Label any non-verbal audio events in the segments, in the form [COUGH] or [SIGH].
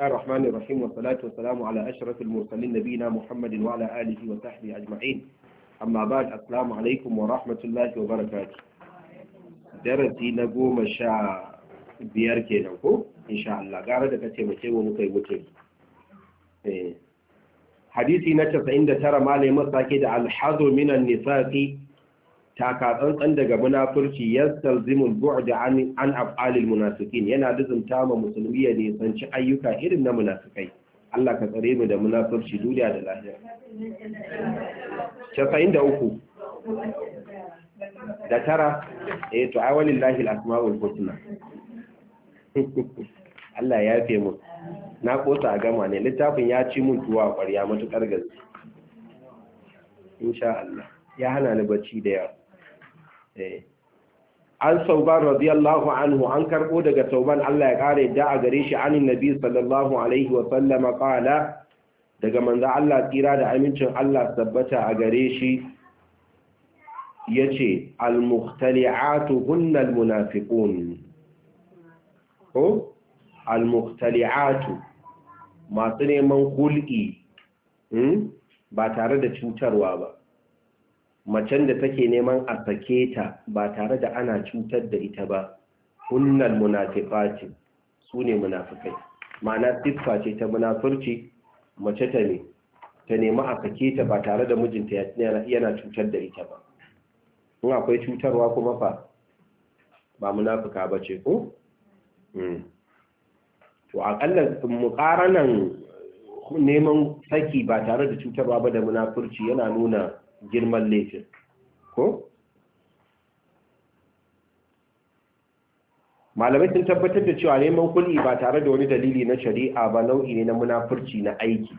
الرحمن الرحيم والصلاة والسلام على أشرف المرسلين نبينا محمد وعلى آله وصحبه أجمعين أما بعد السلام عليكم ورحمة الله وبركاته درتي نقوم شاء بياركي نوكو إن شاء الله قاعدة كتير مكي ومكي وكي إيه. حديثي نتفع عند ترى مالي مصاكد الحظ من النفاق taka tsantsan daga munafurci zimul bu'd an an af'alil munafiqin yana lizumta ma musulmi ya nisanci ayyuka irin na munafikai Allah ka tsare mu da munafurci duniya da lahira 93 da uku. Da tara eh to ai walillahi al-asmaul husna [LAUGHS] Allah ya yafe mu na kosa a gama ne littafin ya ci mun tuwa ƙwarya matukar gaske insha Allah ya hana ni bacci da yawa Eh. an sauban radiyallahu anhu an karɓo daga sauban Allah ya ƙara yadda a gare shi anin nabi sallallahu alaihi wa sallama daga manzan Allah tsira da amincin Allah tabbata a gare shi yace al-mukhtali'atu hunna al-munafiqun ko al masu neman hul'i hmm, ba tare da cutarwa ba macen da take neman a sake ta ba tare da ana cutar da ita ba hunnal munafiqati su ne munafikai ma'ana siffa ce ta munafurci mace ta ne ta nemi a sake ta ba tare da mijinta yana cutar da ita ba in akwai cutarwa kuma fa ba munafika ba ce ko hmm. to akalla muƙaranan neman saki ba tare da cutarwa ba da munafurci yana nuna girman laifin ko malamai sun tabbatar da cewa neman kulli ba tare da wani dalili na shari'a ba nau'i ne na munafurci na aiki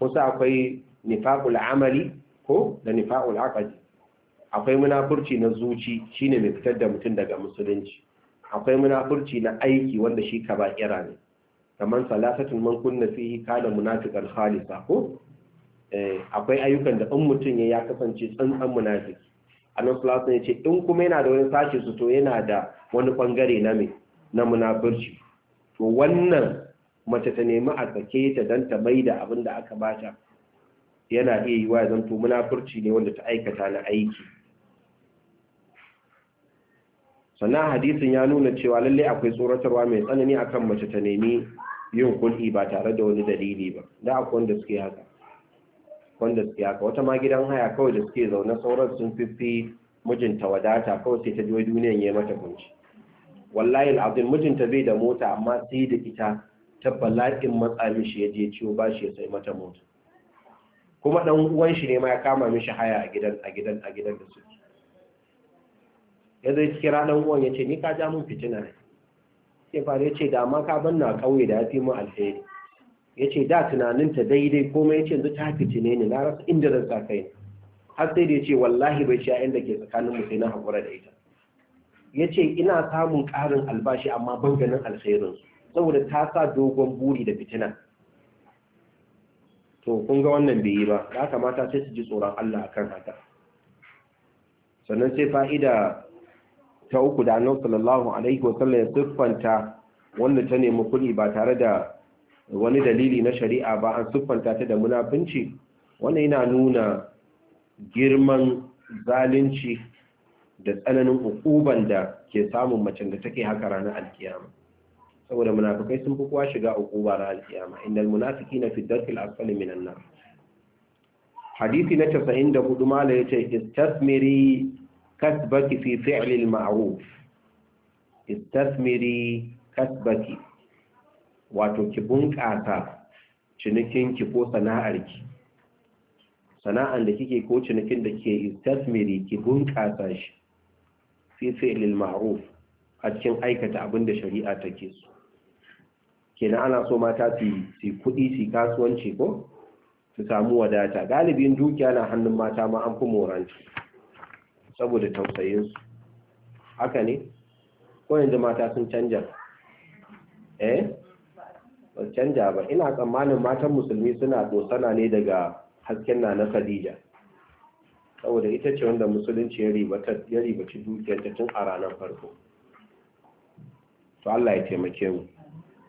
kusa akwai nifaqul amali ko da nifaqul akwai munafurci na zuci shine mai fitar da mutum daga musulunci akwai munafurci na aiki wanda shi ka ba kira ne kamar salatatul mankun kunna fihi kada khalisa ko Eh, akwai ayyukan da ɗan mutum ya kasance tsantsan munafiki annabi sallallahu ya ce in kuma yana da wani sashi su to yana da wani ɓangare na mai na munafurci to wannan mace ta nemi a sake ta don ta da abin da aka bata yana iya yi wa ya to munafurci ne wanda ta aikata na aiki sannan hadisin ya nuna cewa lallai akwai tsoratarwa mai tsanani akan mace ta nemi yin kul'i ba tare da wani dalili ba da akwai wanda suke haka wanda suke haka wata ma gidan haya kawai da suke zaune sauran sun fifi mijinta wadata kawai sai ta ji duniyan ya mata kunci wallahi al'azim mijinta bai da mota amma sai da ita ta bala'in matsa mishi ya je ciwo ba shi ya sai mata mota kuma dan uwan shi ne ma ya kama mishi haya a gidan a gidan a gidan da su ya zai kira dan uwan ya ce ni ka ja mun fitina ne sai fara ya ce da amma ka banna kauye da ya fi mu alheri ya ce da tunaninta daidai kuma ya ce yanzu ta fice ne na rasa inda zan sa kai har sai da ya ce wallahi bai sha inda ke tsakanin mu sai na haƙura da ita ya ce ina samun ƙarin albashi amma ban ganin alkhairin saboda ta sa dogon buri da fitina to kun ga wannan bai yi ba ya kamata sai su ji tsoron Allah akan haka sannan sai fa'ida ta uku da annabi sallallahu alaihi wa sallam ya siffanta wanda ta nemi kuɗi ba tare da wani dalili na shari'a ba an siffanta ta da munafunci wannan yana nuna girman zalunci da tsananin hukuban da ke samun macen da take haka ranar alkiyama saboda munafikai sun fi kowa shiga hukuba ranar alkiyama munafiki na fi darkil Asali minan nan. hadisi na casa'in da hudu mala yace istasmiri kasbaki fi fi'li maruf istasmiri kasbaki wato ki bunƙasa cinikinki ko sana'arki sana'an da kike ko cinikin da ke istasmiri ki bunƙasa shi fi fi'lil ma'ruf a cikin aikata abin da shari'a take so kenan ana so mata su su kuɗi su kasuwanci ko su samu wadata galibin dukiya na hannun mata ma an fi moranci saboda tausayin su haka ne ko yanzu mata sun canja eh canja ba ina tsammanin matan musulmi suna dosana ne daga hasken na na khadija saboda ita ce wanda musulunci ya ribaci dukiyarta tun a ranar farko to Allah ya taimake mu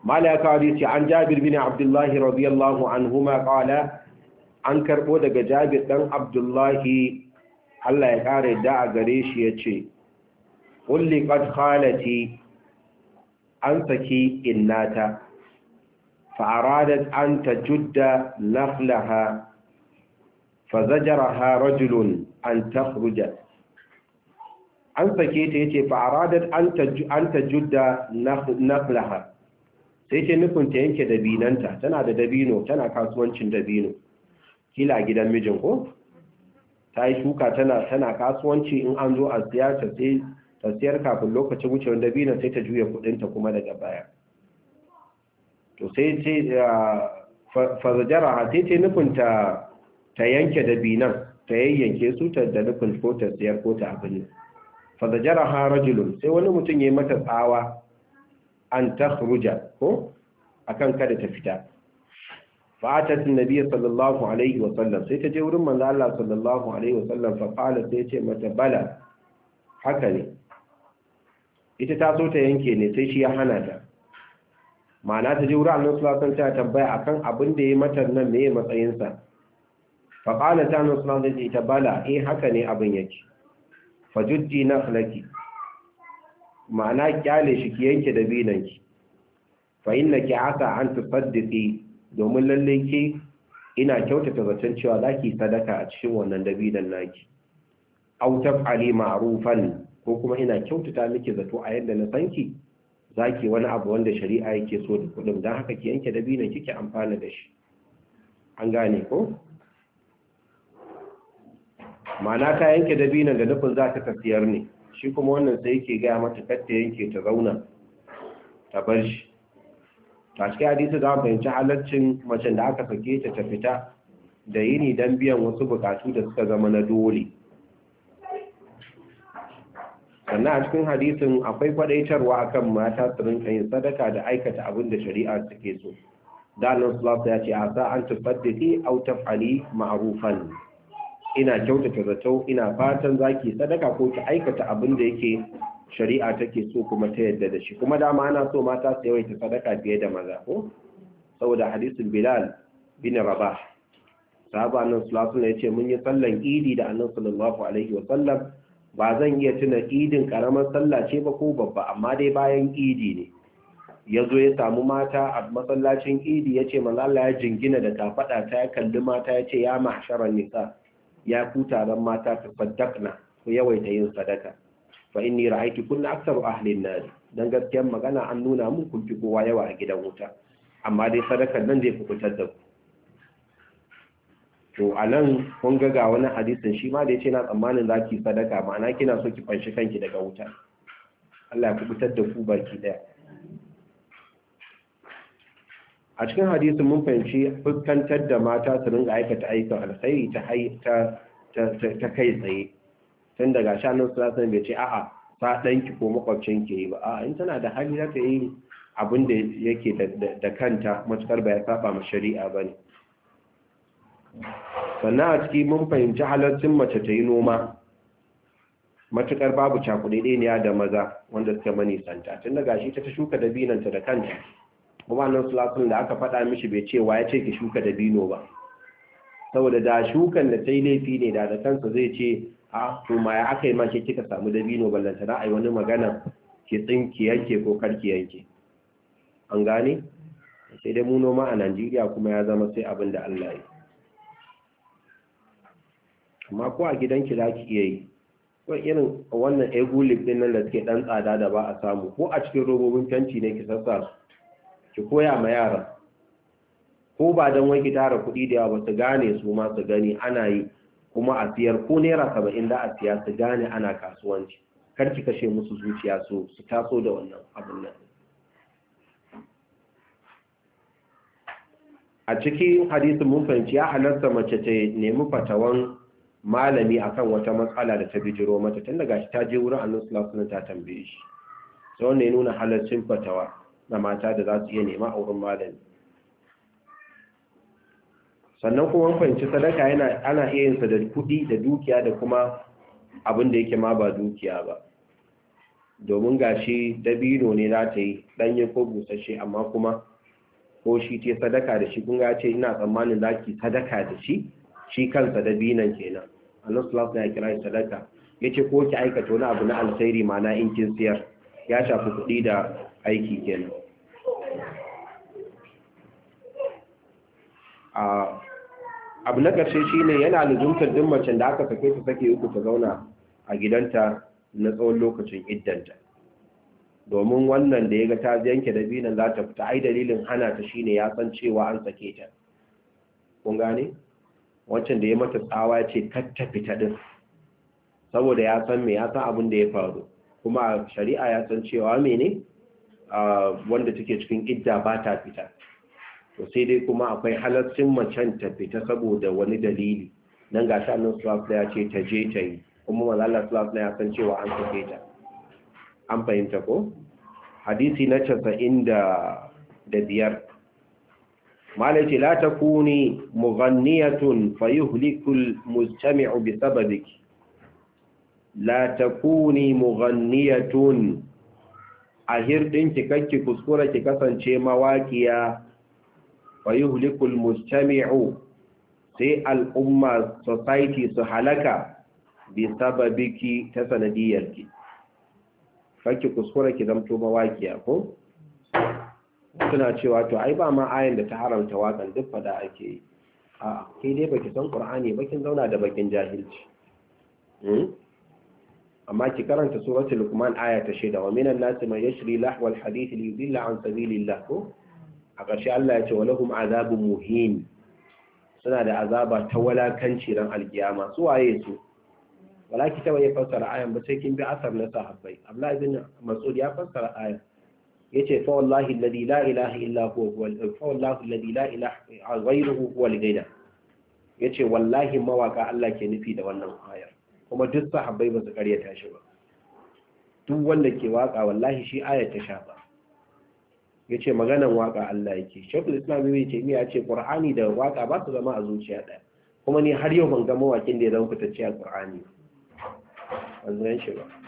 mala ya kawo hadisi an jabir bin abdullahi radiyallahu anhuma qala an karbo daga jabir dan abdullahi Allah ya kare da a gare shi yace qulli qad khalati an saki innata فأرادت أن تجد نخلها فزجرها رجل أن تخرج an sake ta yace fa aradat an tajudda naqlaha sai ce nufin ta yanke dabinanta tana da dabino tana kasuwancin dabino kila gidan mijin ko ta yi shuka tana kasuwanci in an zo a siya ta sai kafin lokacin wucewar dabino sai ta juya kudinta kuma daga baya to sai ce ah, fazajara a sai ce nufin ta yanke da binan ta yayyanke su ta da nufin ko ta siyar ko ta abin fazajara ha rajulun sai wani mutum ya yi mata tsawa an ta ko akan kada ta fita فاتت النبي Sallallahu alaihi wa sallam sai ta je wurin manzo Allah sallallahu alaihi wasallam fa qala sai ce mata bala haka ne ita ta so ta yanke ne sai shi ya hana ta ma'ana ta ji wurin annabi sallallahu alaihi wasallam ta tambaya akan abin da yayi mata nan me matsayin sa fa qala ta annabi sallallahu alaihi ta bala eh haka ne abin yake na nakhlaki ma'ana kyale shi ki yanke da binan ki fa innaki aka an tusaddiqi domin lalle ki ina kyautata zaton cewa zaki sadaka a cikin wannan dabinan naki au taf'ali ma'rufan ko kuma ina kyautata miki zato a yadda na sanki Za zaki wani abu wanda shari'a yake so da kuɗin don haka ki yanke dabinon kike amfana da shi an gane ko ma'ana ka yanke dabinon da nufin za ka tafiyar ne shi kuma wannan sai yake gaya mata ta yanke ta zauna ta bar shi ta cikin hadisi za mu fahimci halaccin macen da aka fage ta ta fita da yini don biyan wasu bukatu da suka zama na dole sannan a cikin hadisin akwai kwadaitarwa akan mata su rinka yin sadaka da aikata abin da shari'a suke so da sulasa ya ce a sa an tafaddaki au tafali ma'rufan ina kyautata zato ina fatan zaki sadaka ko ki aikata abin da yake shari'a take so kuma ta yadda da shi kuma dama ana so mata su yawaita sadaka fiye da maza ko saboda hadisin bilal bin rabah sahaba su sulasa ya ce mun yi sallan idi da annan sallallahu alaihi wa ba zan iya tuna idin karamar sallah ce ba ko babba amma dai bayan idi ne ya zo ya samu mata a masallacin idi ya ce Allah ya jingina da kafaɗa ta ya kalli mata ya ce ya mahsharar nisa ya kuta taron mata ta faddakna ku yawaita yin sadaka fa inni ra'aytu kunna aktsaru ahlin nar dan gaskiyar magana an nuna mun kun fi kowa yawa a gidan wuta amma dai sadakan nan zai fi kutar da ku to a nan kun ga ga wani hadisin shi ma da ya ce na tsammanin za ki sadaka ma'ana kina so ki fanshi kanki daga wuta Allah ya kubutar da ku baki daya a cikin hadisin mun fahimci fuskantar da mata su ringa aikata aikin alkhairi ta ta kai tsaye tun daga shanin sulasan bai ce a'a sa ɗanki ko makwabcin ki yi ba a'a in tana da hali za ta yi abin da yake da kanta matukar ba ya saba ma shari'a bane sannan a ciki mun fahimci halarcin mace ta yi noma Matuƙar babu ya da maza wanda suka mani santa tun daga gashi ta ta shuka dabinanta da kanta kuma nan sulasun da aka faɗa mishi bai ce wa ya ce ki shuka dabino ba saboda da shukan da ta yi laifi ne da da kansa zai ce a to ma ya aka yi ma ke kika samu dabino ballanta na a yi wani magana ke tsinki yanke ko karki yanke an gane sai dai mu noma a najeriya kuma ya zama sai abin da allah ya amma ko a gidan za ki iya yi ko irin wannan ego din nan da suke dan tsada da ba a samu ko a cikin robobin fenti ne ki sassa su ki koya ma yara ko ba don wai ki tara kuɗi da yawa ba su gane su ma su gani ana yi kuma a siyar ko naira saba'in da a siya su gane ana kasuwanci kar ki kashe musu zuciya su su taso da wannan abin nan a cikin hadisin mun fahimci ya halarta mace ta nemi fatawan malami akan wata matsala da ta bijiro mata tun daga shi ta je wurin annabi sallallahu alaihi ta tambaye shi sai wannan ya nuna halaccin fatawa na mata da za su iya nema a wurin malami sannan kuma fahimci sadaka yana ana iya yin da kuɗi da dukiya da kuma abin da yake ma ba dukiya ba domin gashi dabino ne za ta yi ɗanye ko busasshe amma kuma ko shi ce sadaka da shi kun ga ce ina tsammanin za ki sadaka da shi shi kansa dabinan kenan annabi ya kira sadaka ce ko ki aikata wani abu na alkhairi mana in kin siyar ya shafi kuɗi da aiki kenan abu na ƙarshe shine yana luzumtar duk macen da aka kake ta sake uku ta zauna a gidanta na tsawon lokacin iddanta domin wannan da ya ga ta yanke da binan za ta fita ai dalilin hana ta shine ya san cewa an sake ta kun gane wancan da ya mata tsawa ce katta fita din saboda ya san me ya san abin da ya faru kuma shari'a ya san cewa mene wanda take cikin idda ba ta fita to sai dai kuma akwai halarcin macen ta fita saboda wani dalili nan ga shi annan ya ce ta je ta yi kuma malala sulafla ya san cewa an sake ta an fahimta ko hadisi na casa'in da biyar malai ce la takuni mughanniyatun fayuhlikul mujtami'u bisababiki la takuni mughanniyatun a hirdin ki kuskura ki kasance mawaƙiya fayuhlikul mujtami'u sai al'umma society su halaka bi sababiki ta ki kakki kuskura ki zamto mawaƙiya ko suna cewa to ai ba ma ayan da ta haramta waƙan duk fada ake yi a ke dai baki san qur'ani bakin zauna da bakin jahilci hmm? amma ki karanta suratul luqman aya ta shida wa minan nasi man yashri lahwal hadith li yudilla an sabilillah ko a ƙarshe Allah ya ce wa lahum azabun muhin suna da azaba ta walakanci ran alkiyama su waye su walaki ki taba ya fassara ayan ba sai kin bi asar na sahabbai Abdullahi bin Mas'ud ya fassara ayan yace fa wallahi alladhi la ilaha illa huwa wal fa wallahi alladhi la ilaha ghayruhu huwa al-ghayda yace wallahi mawaka Allah ke nufi da wannan ayar kuma duk sahabbai ba su karyata shi ba duk wanda ke waka wallahi shi ayar ta shafa yace maganan waka Allah yake shekul islam ce ni yace qur'ani da waka ba su zama a zuciya ɗaya kuma ni har yau ban ga mawakin da ya zama fitacce a qur'ani ban zan shi ba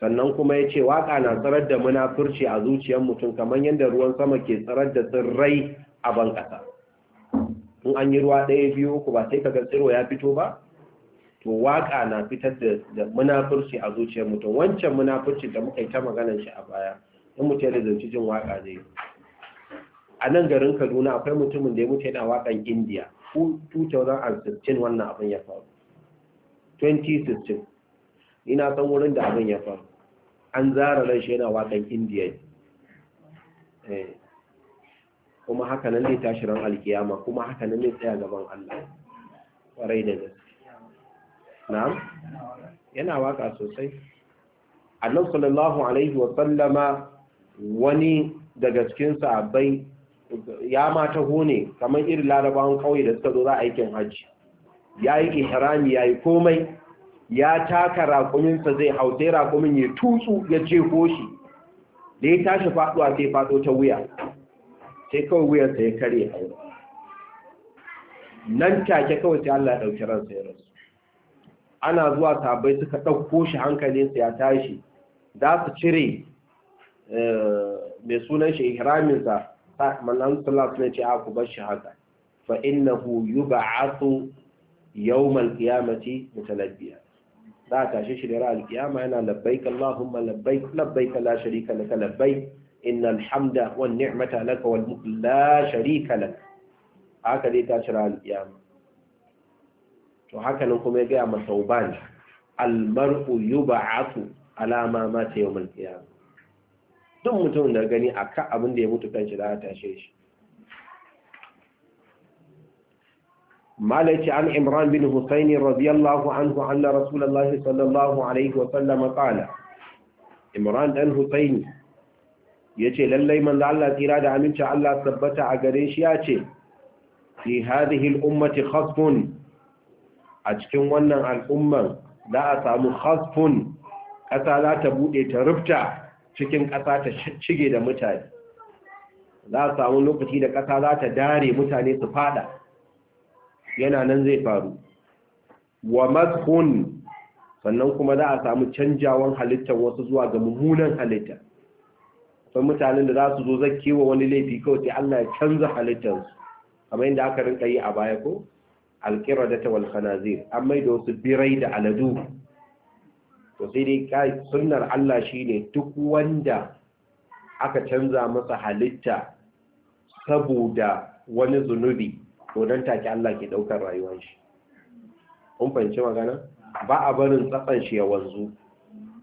sannan kuma ya ce waƙa na tsarar da munafurci a zuciyar mutum kamar yadda ruwan sama ke tsarar da tsirrai a ban ƙasa in an yi ruwa ɗaya biyu ku ba sai kaga tsiro ya fito ba to waƙa na fitar da munafurci a zuciyar mutum wancan munafurci da muka yi ta maganar shi a baya in mutum ya zanci jin waƙa zai yi. a nan garin kaduna akwai mutumin da ya mutu yana waƙan indiya 2016 wannan abin ya faru 2016 ina san wurin da abin ya faru an zara ran shi yana waƙan indiya eh. kuma haka nan ne tashi ran alkiyama kuma haka nan ne tsaya gaban Allah kwarai da gaske na'am yana waka sosai annabi sallallahu alaihi wa sallama wani daga cikin sahabbai ya ma taho ne kamar irin larabawan kauye da suka zo za aikin hajji yayi ihrami yayi komai ya taka raƙuminsa zai hau sai raƙumin ya tutsu ya jefo shi da ya tashi faɗuwa sai faɗo ta wuya sai kawai wuyarsa ya kare hau nan take kawai sai Allah ya ɗauki ransa ya rasu ana zuwa sabai suka ɗauko shi hankalinsa ya tashi za su cire eh, mai sunan shi ihraminsa mannan sallah suna ce a ku shi haka fa innahu yub'athu yawmal qiyamati mutalabbiya za a tashe shi da ra'al kiyama yana labbaik Allahumma labbaik labbaik la sharika laka labbaik innal hamda wan ni'mata laka wal mulk la sharika laka haka dai ta shira al to haka nan kuma ya ga masauban al mar'u yub'atu ala ma mata yawm al duk mutum da gani aka abin da ya mutu kan shi da ta tashe shi مالك عن عمران بن حسين رضي الله عنه أن رسول الله صلى الله عليه وسلم قال عمران بن حسين يجي للي من الله تيراد عمين الله ثبت عقريش ياتي في هذه الأمة خصف أجكن ونن الأمة لا أسام خصف أسا لا تبوئي تربتا cikin ƙasa ta shige da mutane za a samu lokaci da ƙasa za ta dare mutane su fada yana nan zai faru wa madhun sannan kuma za a samu canjawan halittar wasu zuwa ga mummunan halitta sun mutanen da za su zo wa wani laifi kawai sai Allah ya canza halittarsu kamar yadda aka rinka yi a baya ko alkira da tawal khanazir an mai da wasu birai da aladu to sai dai kai sunnar Allah shine duk wanda aka canza masa halitta saboda wani zunubi to nan take Allah ke daukar rayuwar shi kun fahimci magana ba a barin tsatsan shi ya wanzu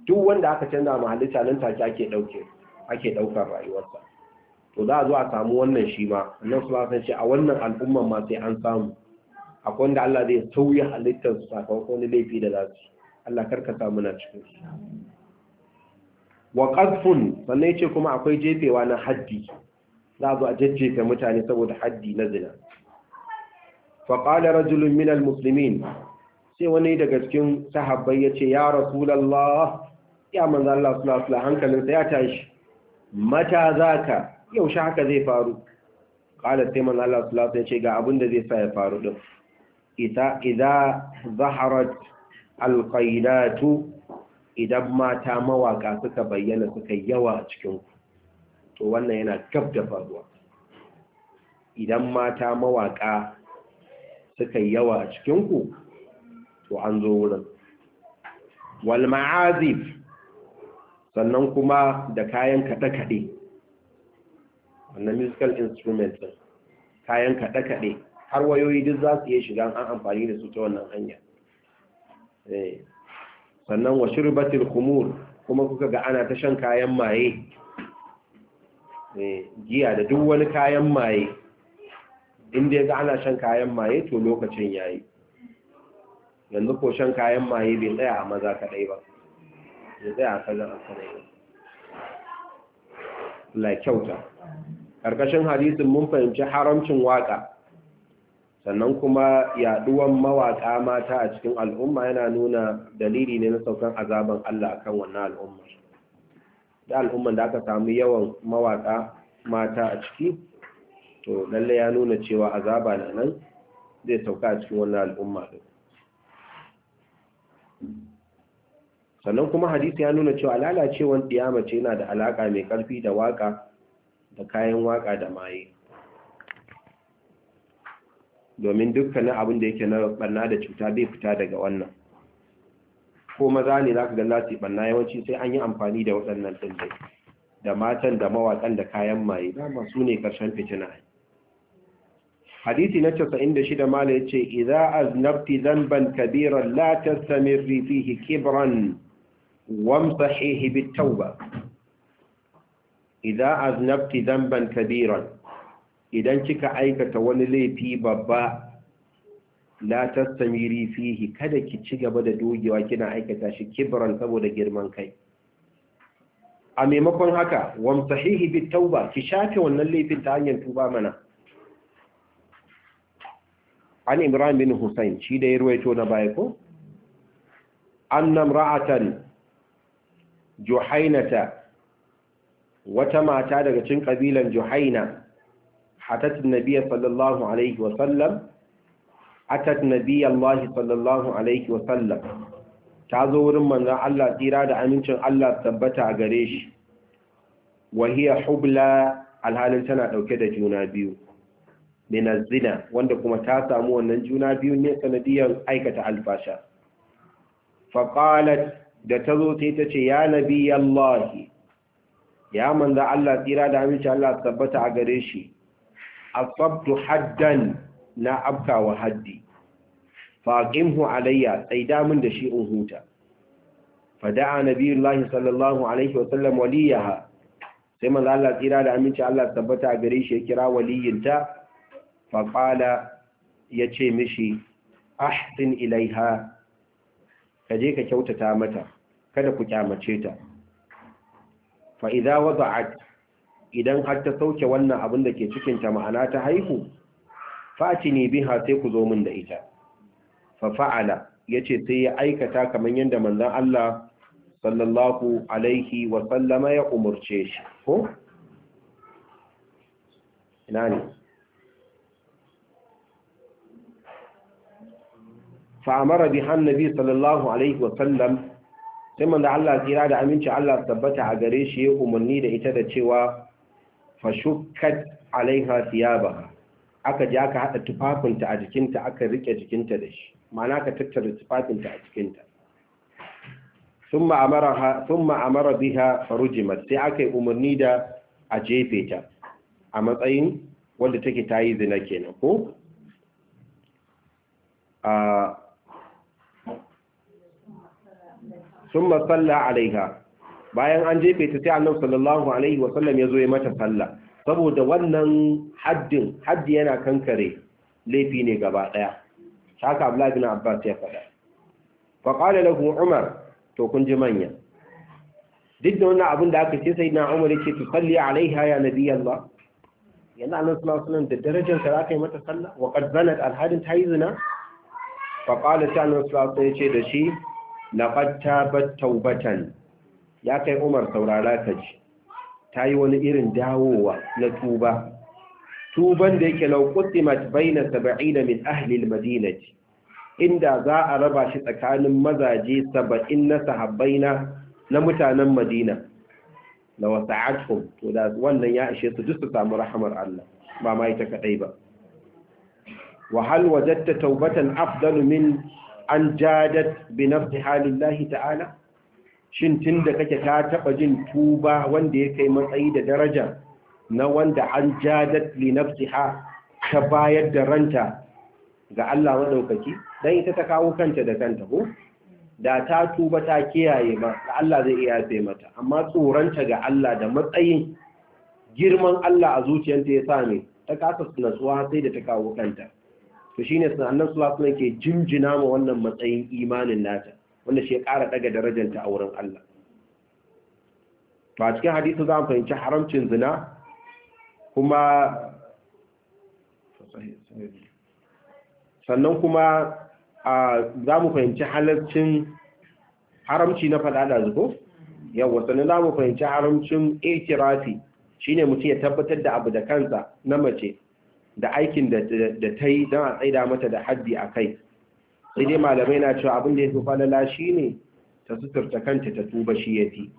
duk wanda aka canza ma halitta nan take ake dauke ake daukar rayuwarsa to za a zo a samu wannan shi ma annan su ba ce a wannan al'umman ma sai an samu akwai wanda Allah zai sauya halittar su sakamakon laifi da za su Allah karka samu na cikin su wa qadfun sannan yace kuma akwai jefewa na haddi za a zo a jajjefe mutane saboda haddi na zina faƙalar rajulun minal musulmin sai wani daga cikin sahabbai ya ce ya rasulallah ya manza Allah suna sula hankalinsa ya tashi mata za ka yaushe haka zai faru ƙalar sai manza Allah sula ya ce ga abin da zai sa ya faru ɗin idan zaharar alƙaidatu idan mata mawaka suka bayyana suka yawa a cikinku to wannan yana gab da faruwa idan mata mawaka suka yi yawa a cikinku to an zo wurin wal ma'azif sannan kuma da kayan kaɗe-kaɗe wannan musical instrument kayan kaɗe-kaɗe har wayoyi duk za su iya shiga an amfani da su ta wannan hanya eh, sannan wa shirbatil khumur kuma kuka ga ana ta shan kayan maye eh, giya da duk wani kayan maye inda ya ga ana shan kayan maye to lokacin ya yi yanzu ko shan kayan maye bai tsaya a maza kadai ba bai tsaya a kazan a ba la kyauta ƙarƙashin hadisin mun fahimci haramcin waƙa sannan kuma yaɗuwan mawaƙa mata a cikin al'umma yana nuna dalili ne na saukan azaban Allah akan wannan al'umma da al'umman da aka samu yawan mawaka mata a ciki to lalle ya nuna cewa azaba na nan zai sauka a cikin wannan al'umma din sannan kuma hadisi ya nuna cewa lalacewar kiyama ce yana da alaka mai karfi da waka da kayan waka da maye domin dukkanin abin da yake na barna da cuta bai fita daga wannan ko maza ne za ka ga lati barna yawanci sai an yi amfani da waɗannan ɗin da matan da mawaƙan da kayan maye dama su ne ƙarshen fitina hadisi na 96 mala yace idza aznabti dhanban kabiran la tastamirri fihi kibran wamsahihi bitawba idza aznabti dhanban kabiran idan kika aikata wani laifi babba la tastamiri fihi kada ki ci gaba da dogewa kina aikata shi kibran saboda girman kai a maimakon haka wamsahihi bitawba ki shafe wannan laifin ta hanyar tuba mana an imran bin husayn shi da ya ruwaito na baya ko anna imra'atan juhainata wata mata daga cikin kabilan juhaina hatat nabiyya sallallahu alaihi atat nabiyya sallallahu alaihi ta zo wurin manzan Allah tsira da amincin Allah tabbata a gare shi wa hubla alhalin tana dauke da juna biyu zina wanda kuma ta samu wannan juna biyu ne sanadiyar aikata alfasha faƙalat da ta zo ta ce ya nabi yallahi ya manza Allah tsira da aminci Allah tabbata a gare shi asabtu haddan na abkawa haddi faqimhu alayya tsaida min da shi in huta fada'a nabiyullahi sallallahu alaihi wa sallam waliyaha sai manza Allah tsira da aminci Allah tabbata a gare shi ya kira waliyinta faƙala ya ce mishi ahsin ilaiha ka je ka kyautata mata kada ku kyamace ta fa'iza waza'at idan har ta sauke wannan abin da ke cikinta ma'ana ta haihu faci ne biha sai ku zo min da ita fa'ala ya ce sai ya aikata kamar yadda manzan Allah sallallahu alaihi wasallama ya umarce shi ko? ina ne fa'amara bi hannabi sallallahu alaihi wasallam sai manzo Allah tsira da aminci Allah tabbata a gare shi ya umarni da ita da cewa shukat alaiha thiyaba aka ji aka hada tufafinta a jikinta aka rike jikinta da shi ma'ana ka tattara tufafinta a jikinta Sun امرها ثم امر sai aka yi umarni da a jefe ta a matsayin wanda take tayi zina kenan ko summa salla alaiha bayan an jefe ta sai annabi sallallahu alaihi wa sallam yazo ya mata sallah. saboda wannan haddin haddi yana kankare laifi ne gaba daya haka Abdullahi bin Abbas ya faɗa fa qala lahu Umar to kun ji manya duk da wannan abin da aka ce sayyidina Umar yake to salli alaiha ya nabi Allah yana annabi sallallahu alaihi wa sallam da darajar ta zaka yi mata sallah? wa qad zanat ta yi zina fa qala ta annabi sallallahu alaihi wa sallam ce da shi laqad taubatan ya kai Umar saurara ka ji yi wani irin dawowa na tuba tuban da yake law qutimat baina 70 min ahli al-madinati inda za a raba shi tsakanin mazaje saba'in na sahabbaina na mutanen Madina la wasa'atuhum to da wannan ya ishe su duk su samu rahmar Allah ba ma ita kaɗai ba wa hal wajadta taubatan afdalu min an jadat bi nafsi halillahi ta'ala shin tunda kake ta taba jin tuba wanda ya kai matsayi da daraja na wanda an jadat li ha ta bayar da ranta ga Allah madaukaki dan ita ta kawo kanta da kanta ko da ta tuba ta kiyaye ba ga Allah zai iya yafe mata amma tsoranta ga Allah da matsayin girman Allah a zuciyarta ya sa ne ta kasa natsuwa sai da ta kawo kanta to shine sannan sallallahu alaihi ke jinjina ma wannan matsayin imanin nata wanda shi ya ƙara daga darajarta a wurin Allah Ba a cikin hadisi za mu fahimci haramcin zina kuma sannan kuma za mu fahimci halarcin haramci na faɗa da zuko yawwa sannan za mu fahimci haramcin ikirafi shine mutum ya tabbatar da abu da kansa na mace da aikin da ta yi don a tsaida mata da haddi a kai sai dai malamai na cewa abin da ya fi falala shi ne ta suturta kanta ta tuba shi ya fi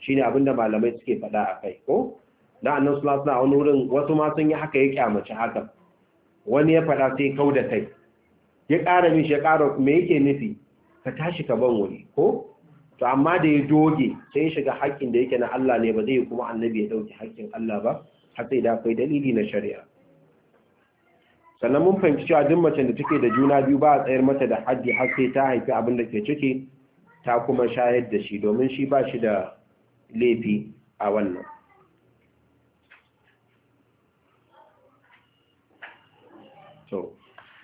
shi ne abin da malamai suke faɗa a kai ko da annan suna suna wani wurin wasu ma sun yi haka ya kyamaci haka wani ya faɗa sai kau da kai ya ƙara mishi ya ƙara me yake nufi ka tashi ka ban wuri ko to amma da ya doge sai ya shiga haƙƙin da yake na Allah ne ba zai kuma annabi ya ɗauki haƙƙin Allah ba har sai da akwai dalili na shari'a sannan mun fahimci cewa duk mace da take da juna biyu ba a tsayar mata da haddi har sai ta haifi abin da ke ciki ta kuma shayar da shi domin shi ba shi da laifi a wannan so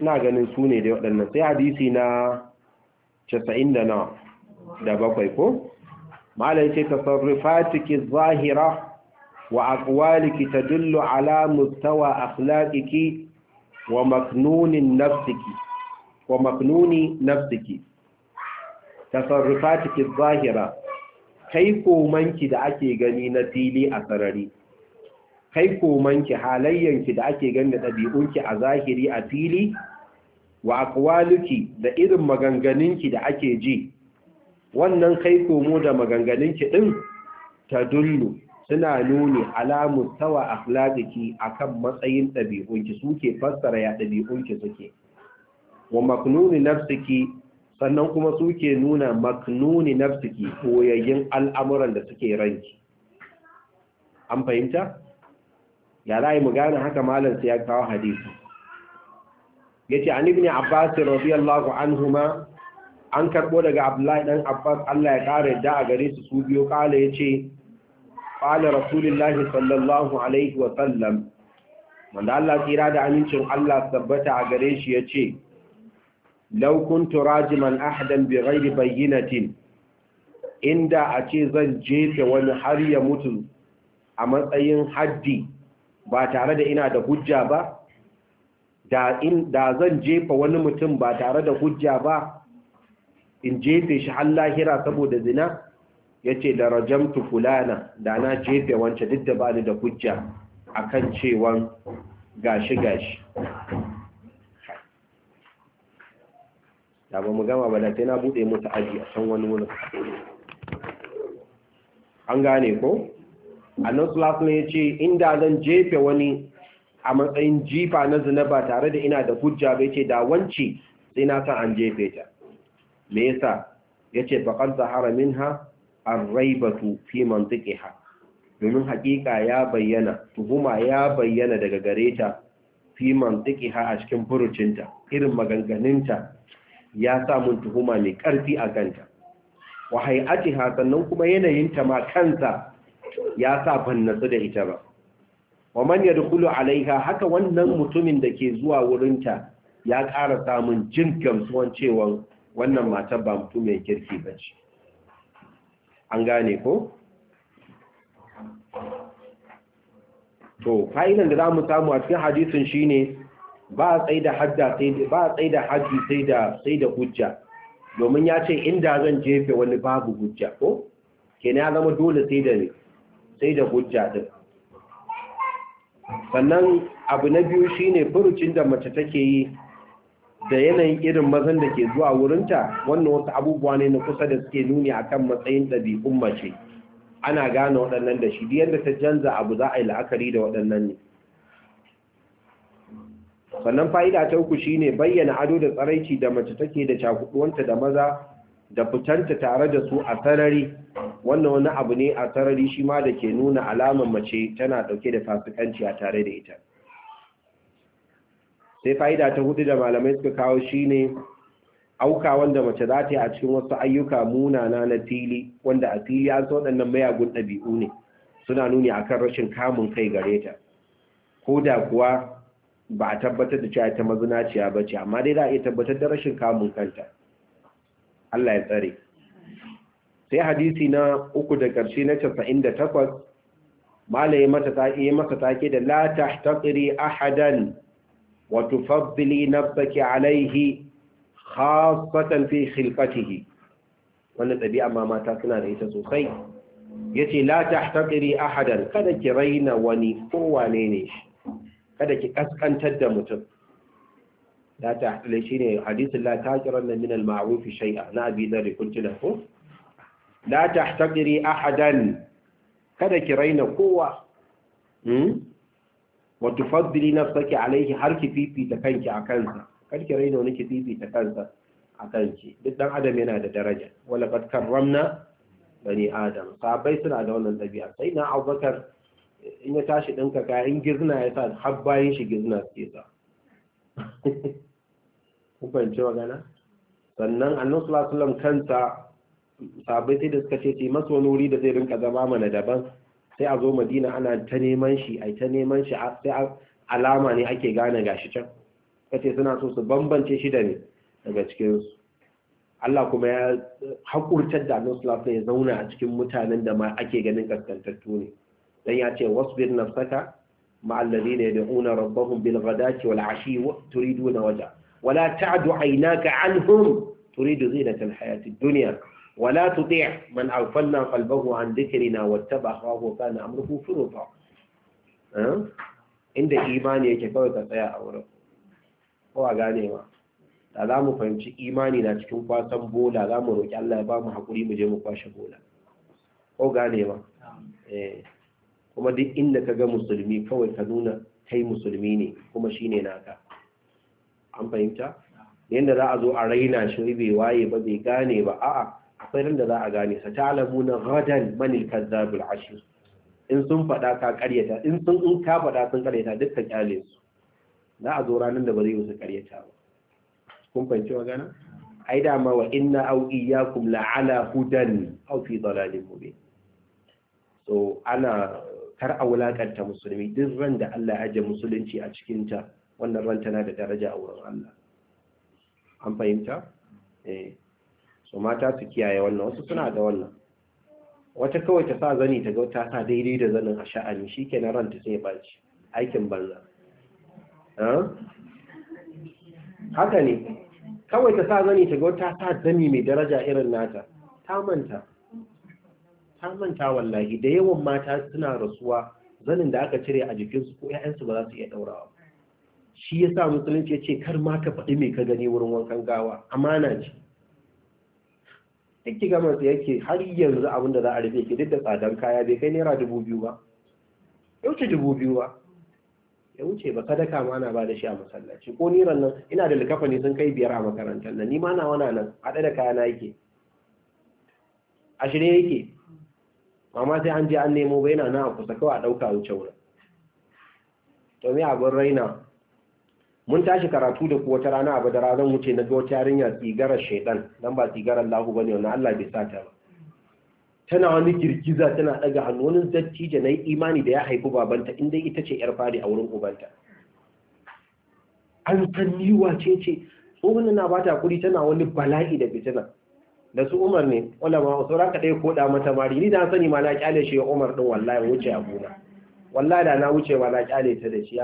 ina ganin su ne da waɗannan sai hadisi na casa'in da bakwai ko malai ce tasarrufatiki zahira wa akwaliki ta dullu ala mustawa akhlaqiki wa maknunin nafsiki wa maknuni nafsiki tasarrufatiki zahira kai komanki da ake gani na fili a sarari kai komanki halayyanki da ake gani da ɗabi'unki a zahiri a fili wa akwaluki da irin maganganunki da ake ji wannan kai komo da maganganunki ɗin ta dullu suna nuni alamun tawa akhlaqiki akan matsayin ɗabi'unki suke fassara ya ɗabi'unki suke wa maknuni nafsiki sannan kuma suke nuna maknuni nafsiki koyayyin al'amuran da suke ranki an fahimta ya za mu gane haka malam sai ya kawo hadisi yace an ibn abbas radiyallahu anhuma an karbo daga abdullahi dan abbas Allah ya kare da a gare su su biyo kala yace qala rasulullahi sallallahu alaihi wa sallam wanda tsira da amincin Allah tabbata a gare shi yace law kuntu rajiman ahadan bighairi bayyinatin inda a ce zan jefe wani har ya mutu a matsayin haddi ba tare da ina da hujja ba da zan jefa wani mutum ba tare da hujja ba in jefe shi har lahira saboda zina yace da rajamtu fulana da na jefe wancan duk da bani da hujja kan cewan gashi gashi da ba mu gama ba sai na bude musu aji a can wani wurin an gane ko annan sulasuna ya ce inda zan jefe wani a matsayin jifa na zina ba tare da ina da hujja bai ce da wanci sai na an jefe ta me yasa ya ce baƙar zahara min ha arraibatu fi mantiqiha domin hakika ya bayyana tuhuma ya bayyana daga gareta fi mantiqiha a cikin furucinta irin maganganunta ya samu tuhuma mai karfi a kanta wa hay'atiha sannan kuma yanayin ta ma kansa ya sa fannatsu da ita ba wa man yadkhulu alaiha haka wannan mutumin da ke zuwa wurinta ya ƙara samun jin gamsuwan cewa wannan matar ba mutum mai kirki bace an gane ko to fa'idan da zamu samu a cikin hadisin shine ba a tsaida hadda sai ba a tsaida haji sai da sai da hujja domin ya ce inda zan jefe wani babu hujja ko kenan ya zama dole sai da sai da hujja din sannan abu na biyu shine furucin da mace take yi da yanayin irin mazan da ke zuwa wurinta wannan wasu abubuwa ne na kusa da suke nuni kan matsayin ɗabi'un mace ana gane waɗannan da shi yadda ta canza abu za a yi la'akari da waɗannan ne sannan fa'ida ta uku shi ne bayyana ado da tsaraici da mace take da cakuduwanta da maza da fitanta tare da su a sarari wannan wani abu ne a sarari shi ma da ke nuna alamar mace tana ɗauke da fasikanci a tare da ita sai fa'ida ta hudu da malamai suka kawo shine auka wanda mace za ta yi a cikin wasu ayyuka munana na fili wanda a fili an waɗannan mayagun ɗabi'u ne suna nuni akan rashin kamun kai gare ta ko da kuwa ba a tabbatar da cewa ta mazinaciya ba ce amma dai za a iya tabbatar da rashin kamun kanta Allah ya tsare sai hadisi na uku da ƙarshe na takwas malaye mata take masa take da la tahtaqiri ahadan وتفضلي نفسك عليه خاصة في خلقته wannan ɗabi'a ma mata suna da ita sosai yace ce la ta haƙiri ahadan kada ki raina wani kowane ne kada ki ƙasƙantar da mutum la ta haƙiri shi ne hadisun la ta haƙirar na minal ma'arufi shai'a na abi da rikuntuna ko la ta haƙiri ahadan kada ki raina kowa wa tufaddili nafsaki alaihi har ki fifita kanki a kansa kar ki raina wani ki fifita kansa a kanki duk dan adam yana da daraja wala kad karramna bani adam sahabbai suna da wannan dabi'a sai na abubakar in ya tashi ɗinka in gizna ya sa har bayan shi gizna suke sa [LAUGHS] ku fahimci magana sannan alaihi wasallam kansa sabai sai da suka ce ce masu wani wuri da zai rinka zama mana daban sai a zo madina ana ta neman shi a ta neman shi sai alama ne ake gane gashi can kace suna so su bambance shi da ne daga cikinsu Allah kuma ya haƙurtar da annabi sallallahu alaihi ya zauna a cikin mutanen da ma ake ganin kaskantattu ne dan ya ce wasbir nafsaka ma alladhina yad'una rabbahum bil ghadati wal ashi turiduna waja wala ta'du aynaka anhum turidu zinata al hayati ad-dunya ولا تطيع من أغفلنا قلبه عن ذكرنا واتبع هواه وكان أمره فرطا inda imani yake kawai ka tsaya a wurin kowa ganewa da za mu fahimci imani na cikin kwasan bola za mu roƙi Allah ya ba mu haƙuri mu je mu kwashe bola ko gane ba kuma duk inda ka ga musulmi kawai ka nuna kai musulmi ne kuma shi ne naka an fahimta yadda za a zo a raina shi bai waye ba bai gane ba a'a akwai ran da za a gane sa ta na na radan kazzab kazzabul ashir in sun faɗa ka ƙaryata in sun in ka faɗa sun ƙaryata dukkan kyale su za a zo ranar da ba zai musu karyata ba kun fahimci magana ai ma wa inna au iyyakum ala hudan aw fi dalalin mubin so ana kar a wulakanta musulmi duk ran da Allah ya aje musulunci a cikin ta wannan ran tana da daraja a wurin Allah an fahimta eh so mata su kiyaye wannan wasu suna da wannan wata kawai ta sa zani ta ga ta sa daidai da zanin a sha'ani shi ke na ranta sai baci aikin banza haka ne kawai ta sa zani ta ga ta sa zani mai daraja irin nata ta manta ta manta wallahi da yawan mata suna rasuwa zanin da aka cire a jikinsu ko 'ya'yansu ba za su iya ɗaurawa shi ya sa musulunci ya ce kar ma ka faɗi mai ka gani wurin wankan gawa amana ce duk ki gama da yake har yanzu abin da za a rufe ki duk da tsadan kaya bai kai naira dubu biyu ba ya wuce dubu biyu ba ya wuce ba ka daka ma ana ba da shi a masallaci ko niran nan ina da ne sun kai biyar a makarantar nan ni ma na wana nan haɗe da kaya na yake a shirye yake mama sai an je an nemo ba yana nan a kusa kawai a ɗauka wuce wurin to me abin raina mun tashi karatu da kuwa ta rana a da ranar wuce na ga wata yarinya tsigarar shaidan don ba tsigarar lahu ne wani Allah bai sata ba tana wani girgiza tana daga hannu wani dattija na yi imani da ya haifi babanta inda ita ce yar fari a wurin ubanta an san niwa ce ce tsohon na ba ta kuri tana wani bala'i da fitina da su umar ne ulama wasu ranka ɗaya koɗa mata mari ni da sani ma na kyale shi ya umar ɗin wallahi wuce a gona wallahi da na wuce ma na kyale ta da shi